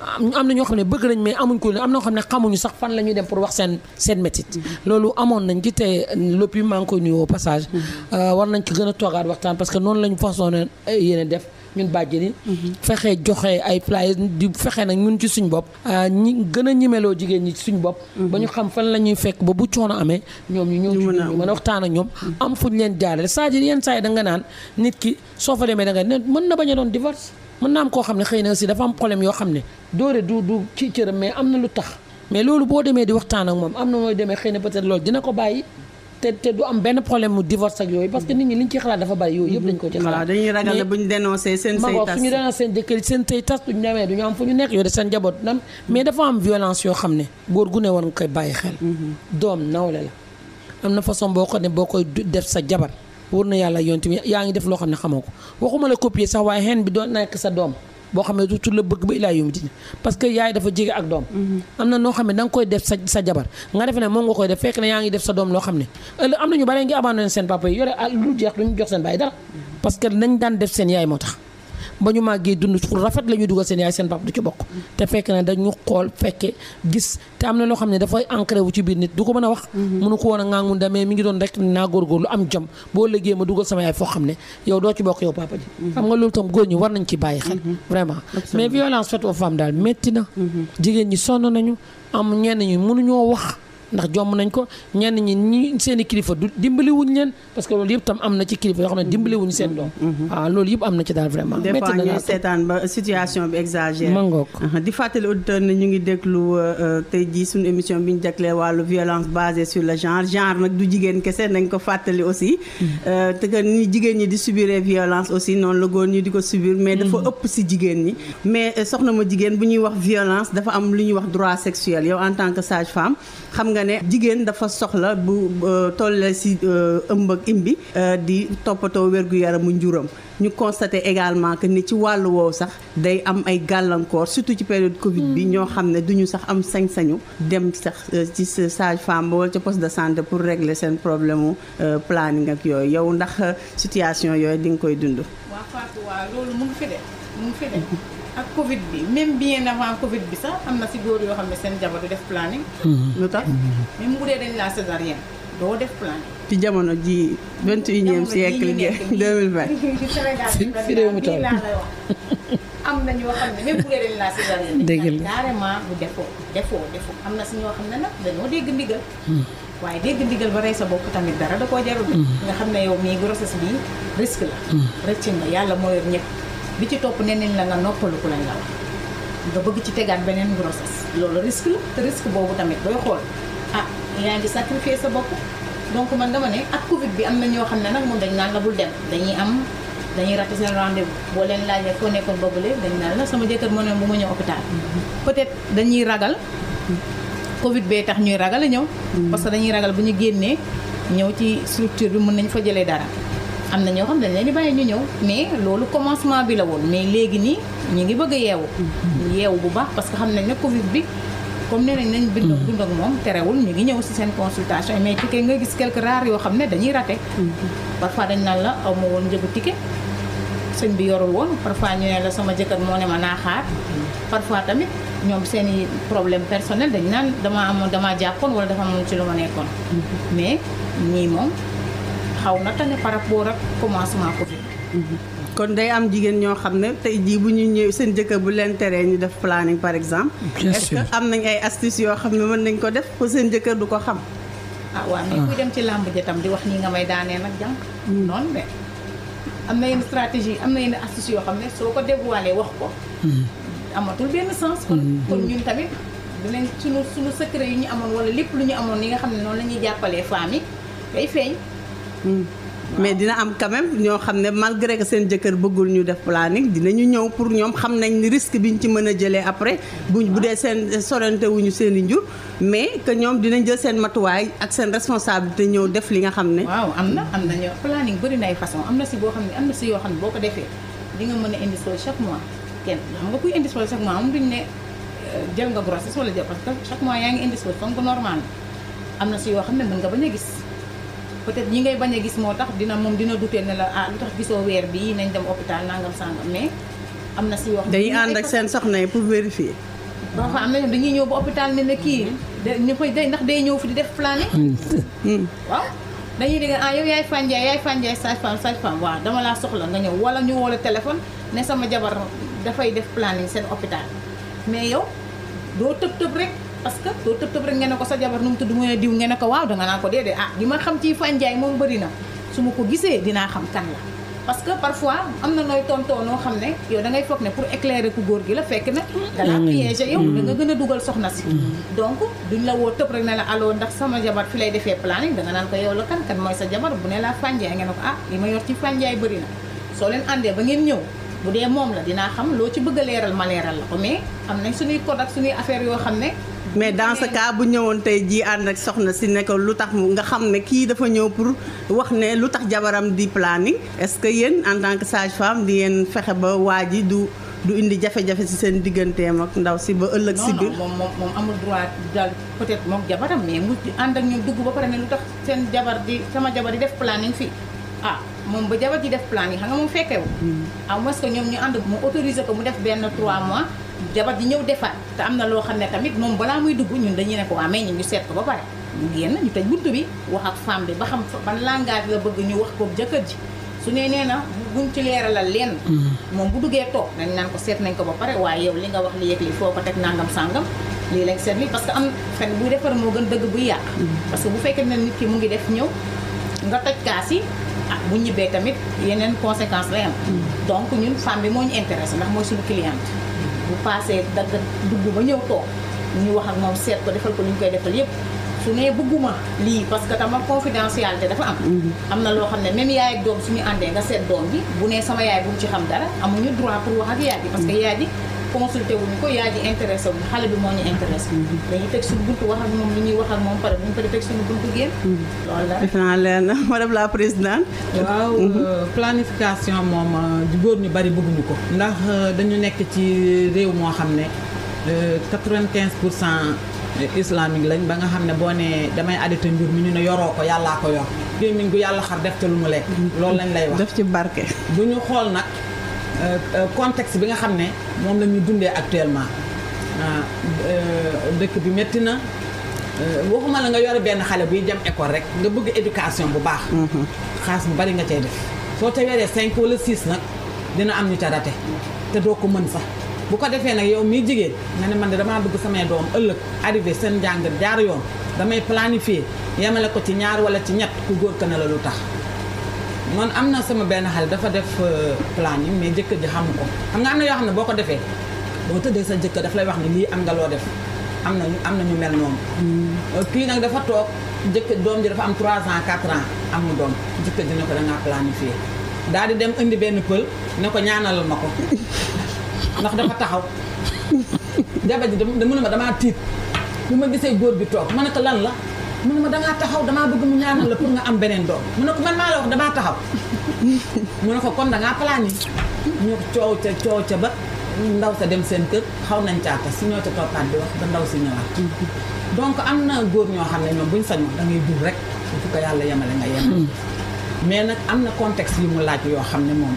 am na ñoo xam ne bëgg nañ mais amuñ ko am na ñoo xam ne xamuñu ñuy dem pour wax seen seen métit mm-hmm. loolu amoon nañ ci te lépp maa ngi koy nuyu au passage mm-hmm. euh, war nañ ci gën a toogaat waxtaan parce que noonu lañu façon euh, yéene def ñun bàjjeni mm-hmm. fexe joxe ay flyers di fexe nag ñun ci suñ bopp euh, ñi gën a ñimeloo jigéen ñi ci suñ bopp ba ñu xam fan la ñuy fekk ba bu coono amee ñoom ñu ñëw ñu mën a waxtaan ak ñoom am fuñ leen jaarale c'est-à-dire yenn saa yi da nga naan nit ki soo fa demee da nga ne mën na bañ a doon mën naa am koo xam ne xëy na aussi dafa am problème yoo xam ne doore du du ci cëram mais am na lu tax mais loolu boo demee di waxtaan ak moom am na mooy demee xëy na peut-être loolu dina ko bàyyi te te du am benn problème mu divorce ak yooyu parce que nit ñi liñ ci xalaat dafa bari yooyu yëpp dañ ko ci xalaat waaw dañuy ragal ne bu ñu dénoncé seen sëy tas suñu dénoncé seen jëkkër seen am fu ñu nekk yow de seen njaboot nam mais dafa am violence yoo xam ne góor gu ne war nga koy bàyyi xel mhm. doom nawle la am na façon boo ko boo koy def sa jabar wóor na yàlla yonti mi yaa ngi def loo xam ne xamoo ko waxuma la copier sax waaye xeen bi doon nekk sa doom boo xam ne tuuti la bëgg ba ilaa yom dina parce que yaay dafa jege ak doom mm-hmm. am na noo xam ne da nga koy def sa sa jabar nga defe ne moom nga koy def fekk ne yaa ngi def sa doom loo xam ne ëllëg am nañu bare ngi abandonné seen papa yi yore lu jeex duñu jox seen baay dara mm-hmm. parce nañ daan def seen yaay moo tax ba ñu màggee dund fu rafet la ñuy dugal seen yaay seen pap du ci bokk te fekk na dañu xool fekke gis te am na loo xam ne dafay ancré wu ci biir nit du ko mën a wax mënu mhm. ko woon a ŋaang mun demee mi ngi doon rek naa góorgóorlu am jom boo liggéey ma dugal sama yaay foo xam ne yow doo ci bokk yow papa ji mhm. xam nga loolu tam góor ñi war nañ ci bàyyi xel mhm. vraiment mais violence faite aux femmes daal métti na jigéen ñi sonn nañu am ñenn ñi mënuñoo wax ndax jomm nañ ko ñenn ñi ñi seen kilifa du dimbali wuñ leen parce que loolu yëpp tam am na ci kilifa yoo xam ne dimbali seen doom. waaw mm-hmm. mm-hmm. ah, loolu yëpp am na ci daal vraiment. métti na des ba situation bi exagéré. mangook uh-huh. di fàttali auditeur na ñu ngi déglu euh, euh, tey jii suñu émission bi ñu jagleel wàllu violence basée sur le genre genre nag du jigéen kese nañ ko fàttali aussi. Mm-hmm. Euh, te que ni jigéen ñi di subir violence aussi noonu la góor ñi di ko subir. mais dafa ëpp si jigéen ñi. mais soxna ma jigéen bu ñuy wax violence dafa am lu ñuy wax droit sexuel yow en tant que sage femme. xam nga ne jigéen dafa soxla bu euh, tollee si euh, ëmb ak imbi euh, di toppatoo wér yaram yaramu njuram ñu constaté également que ni ci wàllu woow sax day am ay gàllankoor surtout ci période Covid bi hmm. ñoo xam ne duñu sax am sañ-sañu dem sax ci sage-femme wala ca poste de santé pour régler seen problème mu planning ak yooyu yow ndax situation yooyu di nga koy dund. [laughs] ak Covid bi même bien avant Covid bi sax am na si góor yoo xam ne seen jabar du def planning. Mhm. lu tax même bu dee dañ laa césarienne doo def planning. ci jamono ji vingt et unième siècle gi deux mille vingt fi [laughs] réew mi toll am na ñoo xam ne même bu dee dañ laa césarienne. [laughs] dëgg la defoo defoo defoo am na si ñoo xam ne nag dañoo dégg ndigal. Hmm. waaye dégg ndigal ba rey sa bopp tamit dara da koo jarul. Hmm. nga xam ne yow mii grossesse bi risque la. Hmm. rëcc nga yàlla moo yor ñëpp. bi ci topp nee nañ la nga noppalu ku lañ la wax nga bëgg ci tegaat beneen grossesse loolu risque la te risque boobu tamit booy xool ah yaa ngi sacrifier sa bopp donc man dama ne ak Covid bi am na ñoo xam ne nag moom dañ naan la bul dem dañuy am dañuy raté seen rendez boo leen laajee koo nekkoon boobu léegi dañ naan la sama jëkkër moo ne bu ma ñëw hôpital mm-hmm. peut-être dañuy ragal Covid bee tax ñuy ragal a ñëw mm-hmm. parce que dañuy ragal bu ñu génnee ñëw ci structure bi mën nañ fa jëlee dara am na ñoo xam dañ leen di bàyyi ñu ñëw mais loolu commencement bi la woon mais léegi nii ñu ngi bëgg a yeewu yeewu bu baax parce que xam nañ ne Covid bi comme nee nañ nañ bind ak dund ak moom terewul ñu ngi ñëw si seen consultation mais ticket nga gis quelques rares yoo xam ne dañuy raté parfois dañ naan la aw ma woon njëgu ticket sëñ bi yorul woon parfois ñu ne la sama jëkkër moo ne ma naa xaar parfois tamit ñoom seen i problème personnel dañ naan dama amoon damaa jàppoon wala dafa amoon ci lu ma nekkoon mais ñii xaw na tane par rapport ak commencement Covid. kon day am jigéen ñoo xam ne tey jii bu ñu ñëw seen jëkkër bu leen teree ñu def planning par exemple. bien sûr est-ce am nañ ay astuces yoo xam ne mën nañ ko def pour seen jëkkër du ko xam. ah waaw mais kuy dem ci làmb ja tam di wax nii nga may daanee nag jànk hmm. noon am na yenn stratégie am na yenn astuce yoo xam ne soo ko dévoilé wax ko. Hmm. amatul benn sens. kon hmm. kon ñun tamit dinañ sunu sunu secret yu ñu amoon wala lépp lu ñu amoon li nga xam ne noonu la ñuy jàppalee femmes yi day feeñ. mais dina am quand ñoo xam ne malgré que seen jëkkër bëggul ñu def planning ñu ñëw pour ñoom xam nañ ni risque ñu ci mën a jëlee après bu bu dee seen sorante wuñu seen i njur mais que ñoom dinañ jël seen matuwaay ak seen responsabilité ñëw def li nga xam ne. waaw am am na ñoo bëri na ay am na si boo xam ne am na si yoo xam ne boo ko defee di nga mën a indi sol chaque mois kenn xam nga kuy indi sol chaque mois moom duñ ne euh, jël nga grossesse indi sol donc am na si yoo xam ne mën nga bañ a gis. peut-être ñi ngay bañ a gis moo tax dina moom dina dute ne la ah lu tax gisoo weer bi nañ dem hôpital nangam sangam mais am na si wax xam dañuy ànd ak seen soxna yi pour vérifier. parfois am na dañuy ñëw ba hôpital mel ne kii koy day ndax day ñëw fi di def plané. Mm. Mm. waaw dañuy dégg ah yow yaay Fane Ndiaye yaay Fane Ndiaye sage-femme sage waaw dama laa soxla nga ñëw wala ñu woo la téléphone ne sama jabar dafay def plané seen hôpital mais yow doo tëb tëb rek. parce que doo tëb tëb rek ngeen ne ko sa jabar nu mu tudd mu ne diw ngeen ko waaw danga naa ko déedéet ah li ma xam ci fanjaay moom bëri na su ma ko gisee dinaa xam kan la parce que parfois am na nooy tontoo noo xam ne yow da ngay foog ne pour éclairer ku góor gi la fekk na mm-hmm. da la piégé yow mm-hmm. soxna si mm-hmm. donc duñ la woo tëb rek ne la allo ndax sama jabar fi lay defee planning da nga naan ko yow la kan kan mooy sa jabar bu ne la fanjaay ngeen ne ko ah li ma yor ci fanjaay bëri na soo leen àndee ba ngeen ñëw bu dee moom la dinaa xam loo ci bëgg a leeral ma la ko am nañ suñuy code yoo xam ne mais dans bu ñëwoon tey jii ànd ak soxna si ne ko lu tax nga xam ne kii dafa ñëw pour wax ne lu tax jabaram di planning est-ce que yéen en tant sage-femme di yéen fexe ba waa ji du du indi jafe-jafe ci seen digganteem ak ndaw si ba ëllëg si biir moom moom amul droit daal peut-être moom jabaram mais mu ànd ak ñoom dugg ba pare ne lu tax seen jabar di sama jabar di def planning fii ah moom ba jabar di def planning xam nga moom fekkee wu. à hmm. ah, moins que ñoom ñu ànd mu autorisé ko mu def benn 3 mois. jabar ji ñëw defaat te am na loo xam ne tamit moom balaa muy dugg ñun dañuy ne ko amee ñu ñu seet ko ba pare ñu génn ñu tëj buntu bi wax ak femme bi ba xam ban langage la bëgg ñu wax ko jëkkër ji su ne nee na buñ ci leeralal lenn mm-hmm. moom bu duggee toog dañ naan ko seet nañ ko ba pare waaye yow li nga wax li yëg li foo ko teg nangam sàngam lii lañ seet li parce que am fen buy defar moo gën dëgg buy yàq mm-hmm. parce que bu fekkee na nit ki mu ngi def ñëw nga toj kaas yi ah bu ñibbee tamit yeneen conséquence lay am mm-hmm. donc ñun femme bi moo ñu intéressé ndax mooy suñu cliente bu paasee dagg dugg ba ñëw toog ñu wax ak moom seet ko defal ko li ñu koy defal yépp su nee bëgguma lii parce que dama confidentialité dafa am mhm. am na loo xam ne même yaay ak doom suñu àndee nga seet doom bi bu nee sama yaay bu mu ci xam dara amuñu droit pour wax ak yaay bi parce que mhm. yaay bi consulté wuñu ko yaa ji intéressé xale bi moo ñu intéressé. dañuy teg suñu buntu wax moom li ñuy wax moom pare bu ñu paree teg suñu buntu génn. Mm-hmm. loolu naa leer na [laughs] madame la présidente. waaw mm-hmm. euh, planification moom euh, góor ñu bari bëgguñu ko. ndax euh, dañu nekk ci réew moo xam ne quatre-vingt-quinze pour cent. islamique lañ ba nga xam ne boo nee damay addita njur mu ñu ne yoroo ko yàllaa ko yor gémmiñ gu yàlla xar def ca lu mu lekk mm-hmm. loolu lañ lay wax def ci barke bu ñu xool nag Euh, euh, contexte bi nga xam ne moom la ñuy dundee actuellement ah, euh, dëkk bi métti na waxuma la nga yore benn xale buy jëm école rek nga bëgg éducation bu baax mhm. xas bu bari nga cay def soo ca yoree cinq wala six nag dina am ñu ca raté te doo ko mën sax bu ko defee nag yow mii jigéen nga ne man de damaa bëgg samay doom ëllëg arrivé seen njàng jaar yoon damay planifier yemale ko ci ñaar wala ci ñett ku góor ka ne la lu tax man am na sama benn xale dafa def euh, planning mais jëkkër ji xamu ko xam nga am na yoo xam ne boo ko defee boo tëddee sa jëkkër daf lay wax ni lii am nga loo def am na am na ñu mel noonu. Hmm. Euh, kii nag dafa toog jëkkër doom ji dafa am 3 ans quatre ans amu doom jëkkër ji ne ko da ngaa planifié daal di dem indi benn pël ne ko ñaanalal ma ko [laughs] ndax dafa taxaw. jabar ji dama ne damaa tiit bu ma gisee góor bi toog ma ne ko lan la. mu ne ma dangaa taxaw damaa bëgg mu ñaanal la pour nga am beneen doom mu ne ko man maa la wax damaa taxaw mu ne ko kon dangaa plan yi ñu coow ca coow ca ba ndaw sa dem seen kër xaw nañ caata si ñoo ca toppaat di ndaw si ñëwaat donc am na góor ñoo xam ne ñoom bu ñu da ngay dul rek ko yàlla yemale mais nag am na contexte yi mu laaj yoo xam ne moom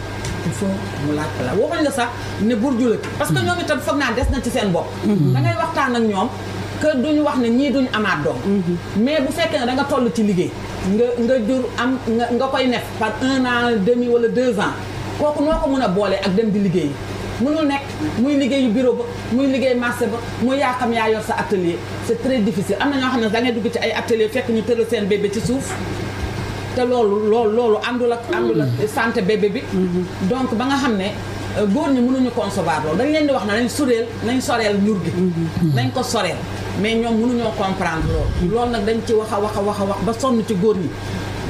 il faut mu laaj ko la waxuñ sax ne bur jula parce que ñoom itam foog naa des na ci seen bopp mm-hmm. da waxtaan ak ñoom du ñu wax ne ñii duñ amaat doom mhm. mais bu fekkee ne da nga toll ci liggéey nga nga jur am nga nga koy nekk par un an demi wala deux ans kooku noo ko mën a boole ak dem di liggéey mënul nekk muy liggéeyu bureau ba muy liggéey marché ba muy yaa xam yaa yor sa atelier c'est très difficile am na ñoo xam ne da dugg ci ay atelier fekk ñu tëral seen bébé ci suuf te loolu loolu loolu àndul ak àndul ak mhm. santé bébé bi mhm. donc ba nga xam ne Euh, góor ñi mënuñu concevoir loolu dañ leen di wax na lañ soreel nañ soreel njur gi mhm. nañ ko soreel mais ñoom mënuñoo comprendre loolu loolu nag dañ ci wax a wax a wax a wax ba sonn ci góor ñi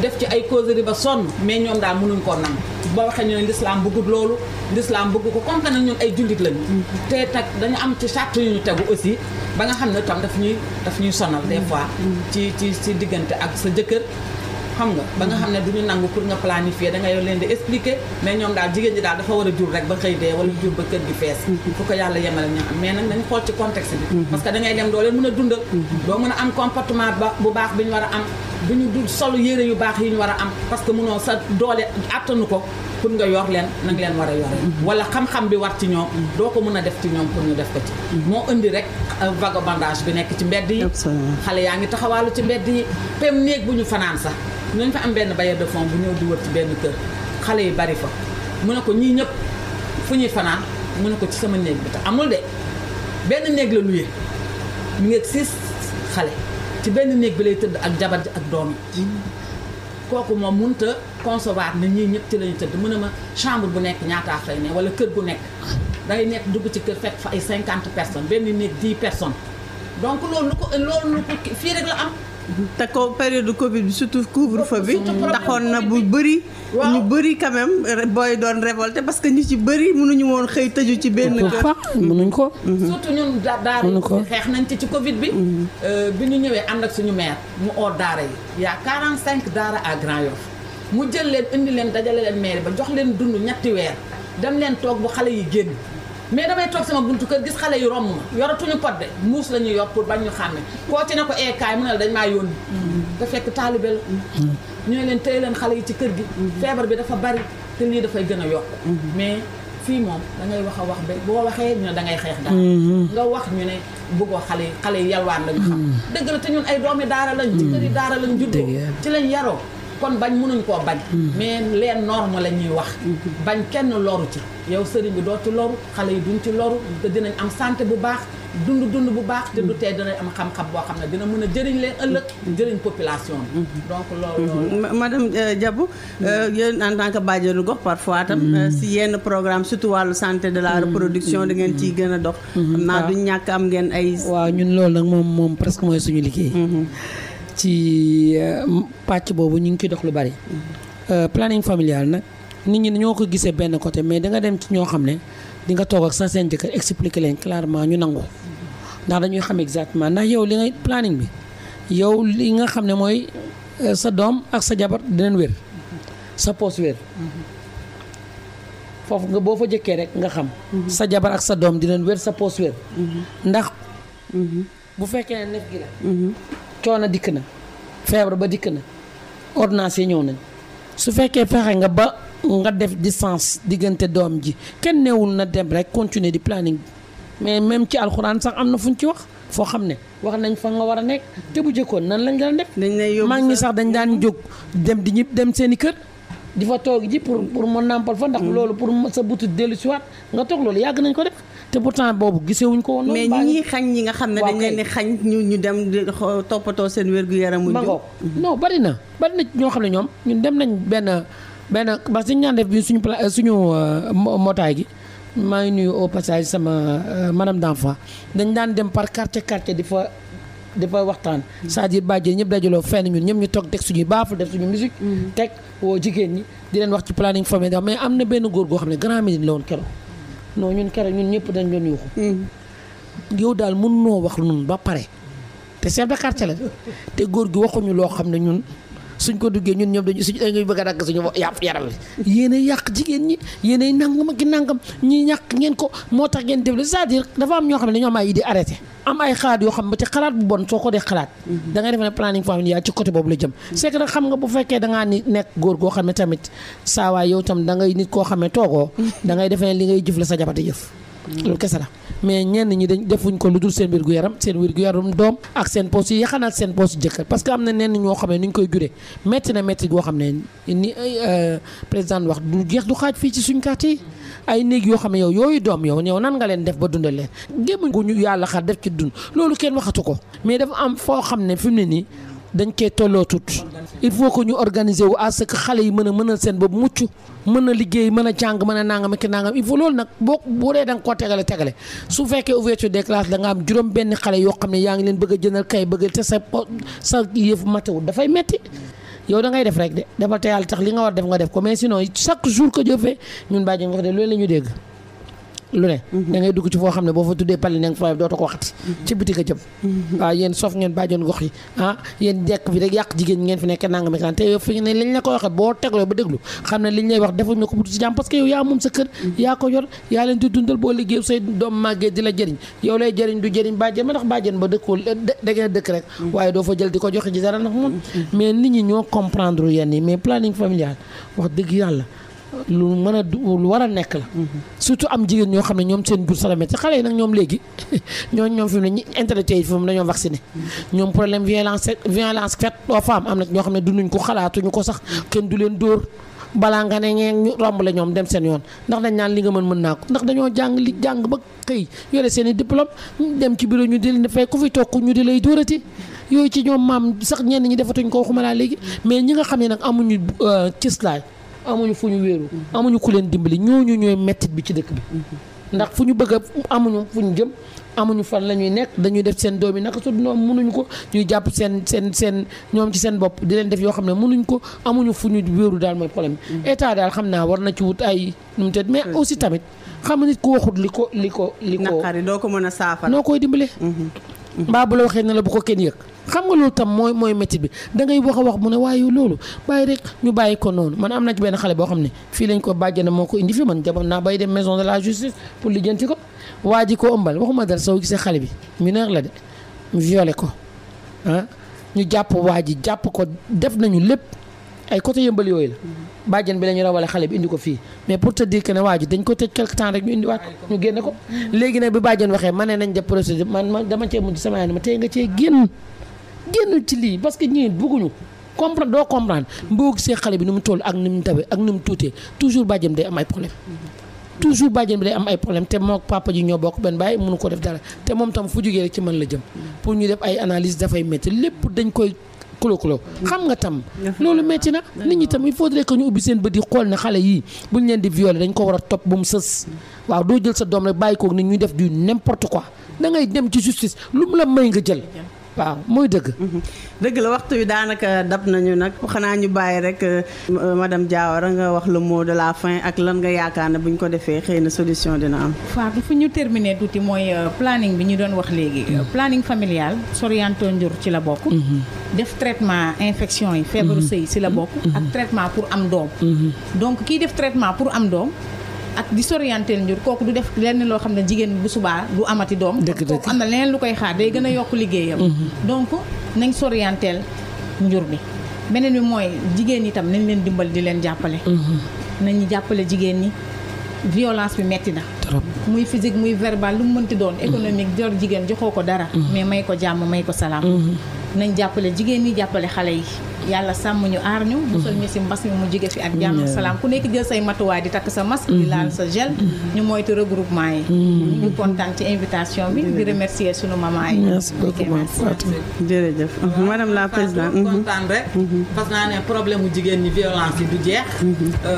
def ci ay causerie ba sonn mais ñoom daal mënuñ koo nangu ne l'islam bëggut loolu l'islam bëgg ko comme que nag ñun ay jullit lañu mhm. te nag dañu am ci charte yu ñu tegu aussi ba nga xam ne tam daf ñuy daf ñuy sonal des mhm. fois ci ci ci diggante ak sa jëkkër xam nga ba nga xam ne duñu nangu pour nga planifier da nga yow leen di expliquer mais ñoom daal jigéen ji daal dafa war a jur rek ba xëy dee wala jur ba kër gi fees mm-hmm. fu ko yàlla yemale ñoo am mais nag nañ xool ci contexte bi mm-hmm. parce que da dem doo leen mën a dundal mm-hmm. doo mën a am comportement bu baax bi ñu war a am bu ñu dul yére yu baax yi ñu war a am parce que mënoo sa doole attanu ko pour nga yor leen na nga leen war a yore wala xam-xam bi war ci ñoom doo ko mën a def ci ñoom pour ñu def ko ci moo indi rek euh, vagabondage bi nekk ci mbedd yi xale yaa ngi taxawaalu ci mbedd yi pem néeg bu sax nañ fa am benn bailleur de fonds bu ñëw di wër ci benn kër xale yi bari fa mu ne ko ñii ñëpp fu ñuy fanaan mu ne ko ci sama néeg bi te amul de benn néeg la luye mu ngi six xale ci benn néeg bi lay tëdd ak jabar ji ak doom kooku moom mënut a concevoir ne ñii ñëpp ci la tëdd mun ne ma chambre bu nekk ñaataa fay ne wala kër gu nekk day nekk dugg ci kër fekk fa ay cinquante personnes benn néeg dix personnes donc loolu lu ko loolu lu ko fii rek la am te ko période de Covid bi surtout couvre-feu bi. taxoon na bu bëri. ñu bëri quand même booy doon révolté parce que ñu ci bëri mënuñu woon xëy tëju ci benn kër. mënuñ ko. surtout ñun daara yi xeex nañ ci ci Covid bi. Mm-hmm. Euh, bi ñu ñëwee ànd ak suñu maire mu oo daara yi. y'a 45 daara à Grand Yoff mu jël leen indi leen dajale leen maire ba jox leen dund ñetti weer dem leen toog bu xale yi génn. mais damay toog sama buntu kër gis xale yu romb ma yoratuñu pot de muus la ñuy yor pour bañ ñu xàmme koo ci ne ko eekaay eh, mu ne la dañ maa yónni te fekk taalibe la ñooy leen téye leen xale yi ci kër gi feebar bi dafa bari te lii dafay gën a yokk mais fii moom dangay wax a wax be boo waxee ñu ne dangay xeex daal nga wax ñu ne bëggoo xale yi xale yi yalwaan lañu xam mm-hmm. dëgg la te ñun ay doom daara lañ ci mm-hmm. kër yi daara lañ juddoo ci lañ yaroo kon bañ mënuñ koo bañ hmm. mais leen normes la ñuy wax hmm. bañ kenn loru ci yow sëriñ bi doo ci loru xale yi duñ ci loru te dinañ am santé bu baax dund dund bu baax te du hmm. tey dinañ am xam-xam boo xam ne dina mën a jëriñ leen ëllëg jëriñ population bi donc loolu madame euh, Diabou euh, yéen en tant que bàjjenu gox parfois tam euh, si yenn programme surtout wàllu santé de la reproduction da ngeen ciy gën a dox xam naa duñ ñàkk am ngeen ay waaw ñun loolu nag moom moom presque mooy suñu liggéey ci euh, pàcc boobu ñu ngi koy dox lu bari. Euh, planning familial nag nit ñi dañoo ko gisee benn côté mais danga dem ci ñoo xam ne di nga toog ak sa seen jëkkër expliquer leen clairement ñu nangu. ndax dañuy xam exactement ndax yow li nga planning bi yow li nga xam ne mooy euh, sa doom ak sa jabar dinañ wér sa poos wér. foofu nga boo fa jëkkee rek nga xam. Mhm. sa jabar ak sa doom dinañ wér sa poos wér. Mhm. ndax. Mhm. bu fekkee ne nef gi la. coono dikk na feebar ba dikk na ordinance yi ñëw nañ su fekkee fexe nga ba nga def distance diggante doom ji kenn newul na dem rek continuer di planning mais même ci alxuraan sax am na fu ñu ci wax foo xam ne wax nañ fa nga war a nekk te bu jëkkoon nan lañ daan def. dañ lay yóbbu maa ngi sax dañ daan jóg dem di ñib dem seen i kër. di fa toog ji pour pour mu nàmpal fa ndax mm. loolu pour sa butu dellu si waat nga toog loolu yàgg nañ ko def. te pourtant boobu gisee gisewuñ ko woon. mais ñi ñuy xañ ñi nga xam ne dañ leen di xañ ñu ñu dem di toppatoo seen wér-gu-yaramu. ma ngoog non bari na bari na ñoo xam ne ñoom ñun dem nañ benn benn parce que ñu ñaan def bi suñu pla suñu euh, mbootaay gi. maa ngi nuyu au passage sama euh, madame d'enfant dañ daan dem par quartier quartier di fa di fa waxtaan. Mm-hmm. c'est-à-dire bàjjee ñëpp dajaloo fenn ñun ñëpp ñu toog teg suñuy baafu def suñu musique. Mm-hmm. teg woo jigéen ñi di leen wax ci planning familial mais am na benn góor goo xam ne grand Médine la woon keroog. non ñun keroog ñun ñëpp dañu doon yuuxu. géew mm. daal mën noo wax nun ba pare te chef de la te góor gi waxuñu loo xam ne ñun. suñ ko duggee ñun ñoom dañu suñ dañuy bëgg a dagg suñu yàpp yaram bi yéenay yàq jigéen ñi yéenay nangam ak nangam ñi ñàkk ngeen ko moo tax ngeen développé cest dafa am ñoo xam ne dañoo am ay idée arrêté am ay xalaat yoo xam ba ci xalaat bu ko dee xalaat mhm. da ngay defe ne planning familial ci côté boobu la jëm mhm. c'est que nag xam nga bu fekkee dangaa ni nekk góor xam ne tamit saawaay yow tam da ngay nit koo xam ne toogoo [laughs] dangay ngay defe ne li ngay jëf la sa jabate jëf loolu kese la mais ñenn ñi dañ defuñ ko lu dul seen wérgu yaram seen wérgu yaram doom ak seen poos yi yaxanaat seen poos jëkkër parce que am na nenn ñoo xam ne ni koy juree métti na métti goo xam ne ni euh, président wax bu geex du xaaj fii ci suñ quartier ay néeg yoo xam ne yow yooyu doom yow ñëw nan nga leen def ba dundal leen gémmañ ko ñu yàlla xar def ci dund loolu kenn waxatu ko mais dafa am foo xam ne fi ne nii dañ koy tolloo tut il faut que ñu organiser wu à ce que xale yi mën a mën a seen boobu mucc mën a liggéey mën a jàng mën a nangam ak nàngam il faut loolu nag boo boo dee da nga koo tegale tegale su fekkee ouverture des classes da nga am juróom benn xale yoo xam ne yaa ngi leen bëgg a jëndal kay bëgg te sa sa yëf matewul dafay metti yow da ngay def rek de dafa te yàlla tax li nga war def nga def ko mais sinon chaque jour que Dieu fait ñun bàyyi nga wax de la ñu dégg. lu ne dangay dugg ci foo xam ne boo fa tuddee pali neng fly dootu ko waxati ci biti ka jëm waaw yéen sof ngeen bàjjoon gox yi ah yéen jekk bi rek yàq jigéen ngeen fi nekk nanga mekaan te yow fi ne liñ la ko waxee boo tegloo ba déglu xam ne liñ lay wax defuñ la ko butu ci jàmm parce que yow yaa moom sa kër yaa ko yor yaa leen di dundal boo liggéey say doom màggee di la jëriñ yow lay jëriñ du jëriñ bàjjen ma ndax bàjjen ba dëkkoo eh, da dëkk rek mm. waaye doo fa jël di ko joxe ci dara ndax moom mm. mais nit ñi ñoo comprendre yenn yi mais planning familial wax dëgg yàlla lu mën a lu war a nekk la. Mhm. surtout am jigéen ñoo xam ne ñoom seen bourse la metti xale yi nag ñoom léegi [laughs] ñooñu ñoom fi mu ne ñi intellectuel yi fi mu dañoo vacciné. Mhm. ñoom problème violence violence faite aux am na ñoo xam ne du dunduñ ko xalaatuñu ko sax kenn du leen dóor. balaa nga ne ñee ñu romb la ñoom dem seen yoon ndax dañ naan li nga mën mën naa ko ndax dañoo jàng li jàng ba xëy yore seen i dem ci bureau ñu di leen fay ku fi toog ñu di lay dóorati yooyu ci ñoom maam sax ñenn ñi defatuñ ko waxuma laa léegi mais ñi nga xam ne nag amuñu euh, cëslaay amuñu fu ñu wéeru amuñu ku leen dimbali ñooñu ñooy mettit bi ci dëkk bi ndax fu ñu bëgg amuñu fu ñu jëm amuñu fan la ñuy nekk dañuy def seen doom yi naka su ñoom mënuñu ko ñuy jàpp seen seen seen ñoom ci seen bopp di leen def yoo xam ne mënuñ ko amuñu fu ñu wéeru daal mooy problème bi mm-hmm. état daal xam naa war na ci wut ay nu mu mais aussi tamit xam nit ku waxut li ko li ko li ko naqari doo ko mën a saafara noo koy dimbale mm-hmm. mbaa bu la waxee ne la bu ko kenn yëg xam nga loolu tam mooy mooy métti bi da ngay wax a wax mu ne waaye loolu bàyyi rek ñu bàyyi ko noonu man am na ci benn xale boo xam ne fii lañ ko bàjjana moo ko indi fi man jamono naa bay dem maison de la justice pour lijjanti ko waa ji ko ëmbal waxuma dal soo gisee xale bi mineur la de violé ko ah. ñu jàpp waa ji jàpp ko def nañu lépp ay côté yëmbal yooyu la bàjjen bi la ñu rawale xale bi indi ko fii mais pour te dire que ne waa dañ ko tëj quelque temps rek ñu indiwaat ko ñu génne ko léegi nag bi bàjjen waxee man ne nañ def procédure man dama cee mujj sama yaay ma tey nga génn génn ci lii parce que ñii bëgguñu comprendre doo comprendre mboo gisee xale bi nu mu toll ak nu mu tawee ak nu mu tuutee toujours bàjjen bi day am problème toujours bàjjen bi day am ay problème te mook papa ji ñoo bokk benn bàyyi mënu ko def dara te moom tam fu jugee rek ci mën la jëm pour ñu def ay analyse dafay métti lépp dañ koy kulo kulo xam nga tam loolu metti na nit ñi tam il faudrait que ñu ubbi seen bët yi xool ne xale yii buñ leen di violer dañ ko war a topp bu mu sës waaw doo jël sa doom rek bàyyi koog nit ñuy def du n'importe quoi da ngay dem ci justice lu mu la may nga jël waaw muy dëgg. Mhm. dëgg la waxtu yi daanaka dab nañu nag xanaa ñu bàyyi rek euh, euh, madame Diawara nga wax le moo de la fin ak lan nga yaakaar ne bu ñu ko defee xëy na solution dina am. waaw bi fu ñu terminer tuuti mooy euh, planning bi ñu doon wax léegi. Mhm. planning familial sorianto njur ci la bokk. Mhm. def traitement infection yi. feebaru sëy ci la bokk. ak traitement pour am doom. donc kiy def traitement pour am doom. ak di s'orienter njur kooku du def lenn loo xam ne jigéen bu subaa du amati doom kooku xam na leneen lu koy xaar day gën a yokk liggéeyam mhm. donc nañ s'orienter njur bi beneen bi mooy jigéen ñi tam leen dimbal di leen jàppale mhm. nañu jàppale jigéen ñi violence bi metti na muy physique muy verbal lu mu mënti doon mhm. économique jor jigéen joxoo ko dara mais may ko jàmm may ko salaam nañ jàppale jigéen ñi jàppale xale yi yàlla sàmm ñu aar ñu musal ñu si mbas mi mu jige fi ak jàmm salaam mm-hmm. ku nekk jël say matuwaay di takk sa masque di laal sa gel mm-hmm. ñu moytu regroupement yi mm-hmm. ñu kontaan ci invitation bi di remercier sunu maman yi merci beaucoup jërëjëf madame la présidente kontaan rek naa ne problème mu jigéen ñi violence yi du jeex euh,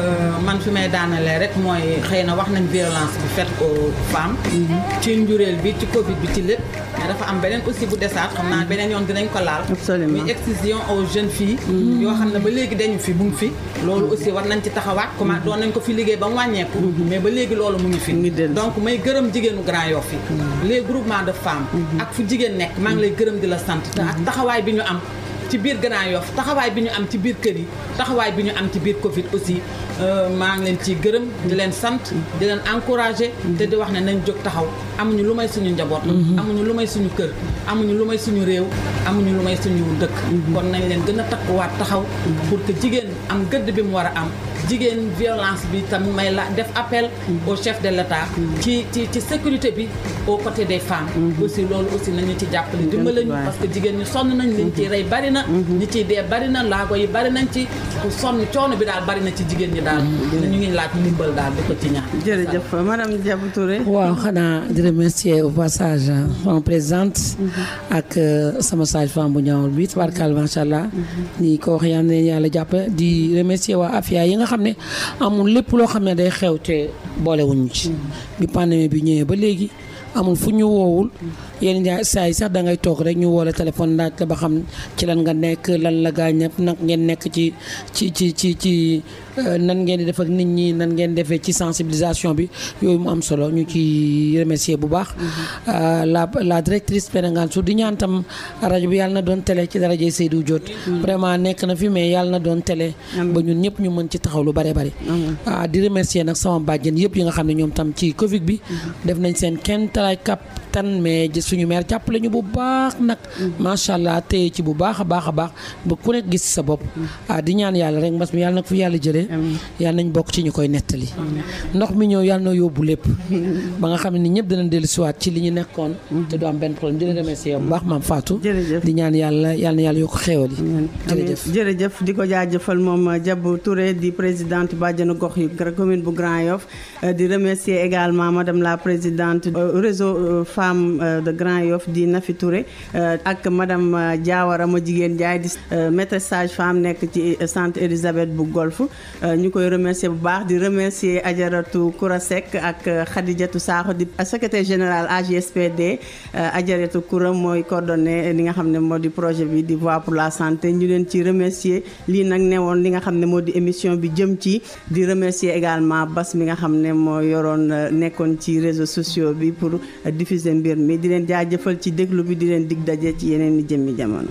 man fi may daanale rek mooy xëy na wax nañ violence bi faite aux femmes ci njureel bi ci covid bi ci lépp mais dafa am beneen aussi bu desaat xam naa beneen yoon dinañ ko laal muy excision aux jeunes filles mm-hmm. yoo xam ne ba léegi dañu fi bu ngi fi loolu mm-hmm. aussi war nañ ci taxawaat comment mm-hmm. doon nañ ko fi liggéey ba mu wàññeeku mais ba léegi loolu mu ngi fi donc may gërëm jigéenu Grand Yoff yi les groupements de femmes ak fu jigéen nekk maa ngi lay gërëm di la sant ak taxawaay bi ñu am ci biir Grand Yoff taxawaay bi ñu am ci biir kër yi taxawaay bi ñu am ci biir Covid aussi euh, maa ngi leen ciy gërëm di leen sant di leen encouragé te di wax na nañ jóg taxaw amuñu lu may suñu njaboot amuñu lu may suñu kër amuñu lu may suñu réew amuñu lu may suñu dëkk kon nañ leen gën a takkuwaat taxaw pour que jigéen am gëdd bi mu war a am jigéen violence bi tamit may la def appel au chef de l'État ci ci ci sécurité bi au côté des femmes mhm. aussi loolu aussi nañu ci jàppale dimbale ñu parce jigéen ñu sonn nañ liñ ciy mhm. rey bari na mhm. ñi dee bari na laago yi bari nañ ci sonn coono bi daal bari na ci jigéen ñi daal ñu ngi laaj ndimbal daal di ko ci ñaan jërëjëf madame Diabou waaw xanaa di remercier au passage euh, sama présidente ak sama sage-femme bu ñaawul bi tabarkal macha allah ni ko wax yal na yàlla xam ne amul lépp loo xam ne day xew te boolewuñu ci. Mm. bi pandémie bi ñëwee ba léegi amul fu ñu yéen ñaa saa yi sax da toog rek ñu woo la téléphone laaj la ba xam ci lan nga nekk lan la gaañ ñëpp nag ngeen nekk ci ci ci ci ci euh, nan ngeen di def ak nit ñi nan ngeen defee ci sensibilisation bi yooyu mu am solo ñu ci remercier bu baax. Mm-hmm. Euh, la la directrice Penengaan su di ñaan tam rajo bi yàlla na doon tele ci daraje Seydou jot mm-hmm. vraiment nekk na fi mais yàlla na doon télé. ba ñun ñëpp ñu mën ci taxaw lu bare bare. Ah, di remercier nag sama bàjjen yëpp yi nga xam ne ñoom tam ci Covid bi. Mm-hmm. def nañ seen kenn talaay kap tan mais suñu maire jàppale ñu bu baax nag. Mm-hmm. macha allah téye ci bu baax a baax a baax ba ku nekk gis sa bopp. Mm-hmm. ah di ñaan yàlla rek mbas mi yàlla na fi yàlla jëlee. yàlla nañ bokk ci ñu koy nettali. ndox mi ñëw yàlla na yóbbu lépp. [laughs] ba nga xam ne ñëpp dinañ dellusiwaat ci li ñu nekkoon. Mm-hmm. te du am benn problème di la remercier bu baax maam Fatou. di ñaan yàlla yàlla na yàlla yokk xéewal yi. jërëjëf jërëjëf di ko jaajëfal moom Diabou uh, Touré di présidente bàjjenu gox yu commune bu Grand Yoff uh, di remercier également madame la présidente uh, réseau femme euh, de Grand Yoff di Nafi Touré euh, ak madame euh, Diawara ma jigéen Ndiaye di maîtresse sage femme nekk ci centre Elisabeth bu Golf ñu koy remercier bu baax di remercier Ajaratu Koura Seck ak Khadijatu Sakho di secrétaire général AGSPD Ajaratu Koura mooy coordonné li nga xam ne moo di projet bi di voix pour la santé ñu leen ci remercier lii nag newoon li nga xam ne moo di émission bi jëm ci di remercier également Bas mi nga xam ne moo yoroon nekkoon ci réseaux organiser mbir mi di leen jëfal ci déglu bi di leen dig daje ci yeneen i jëmmi jamono.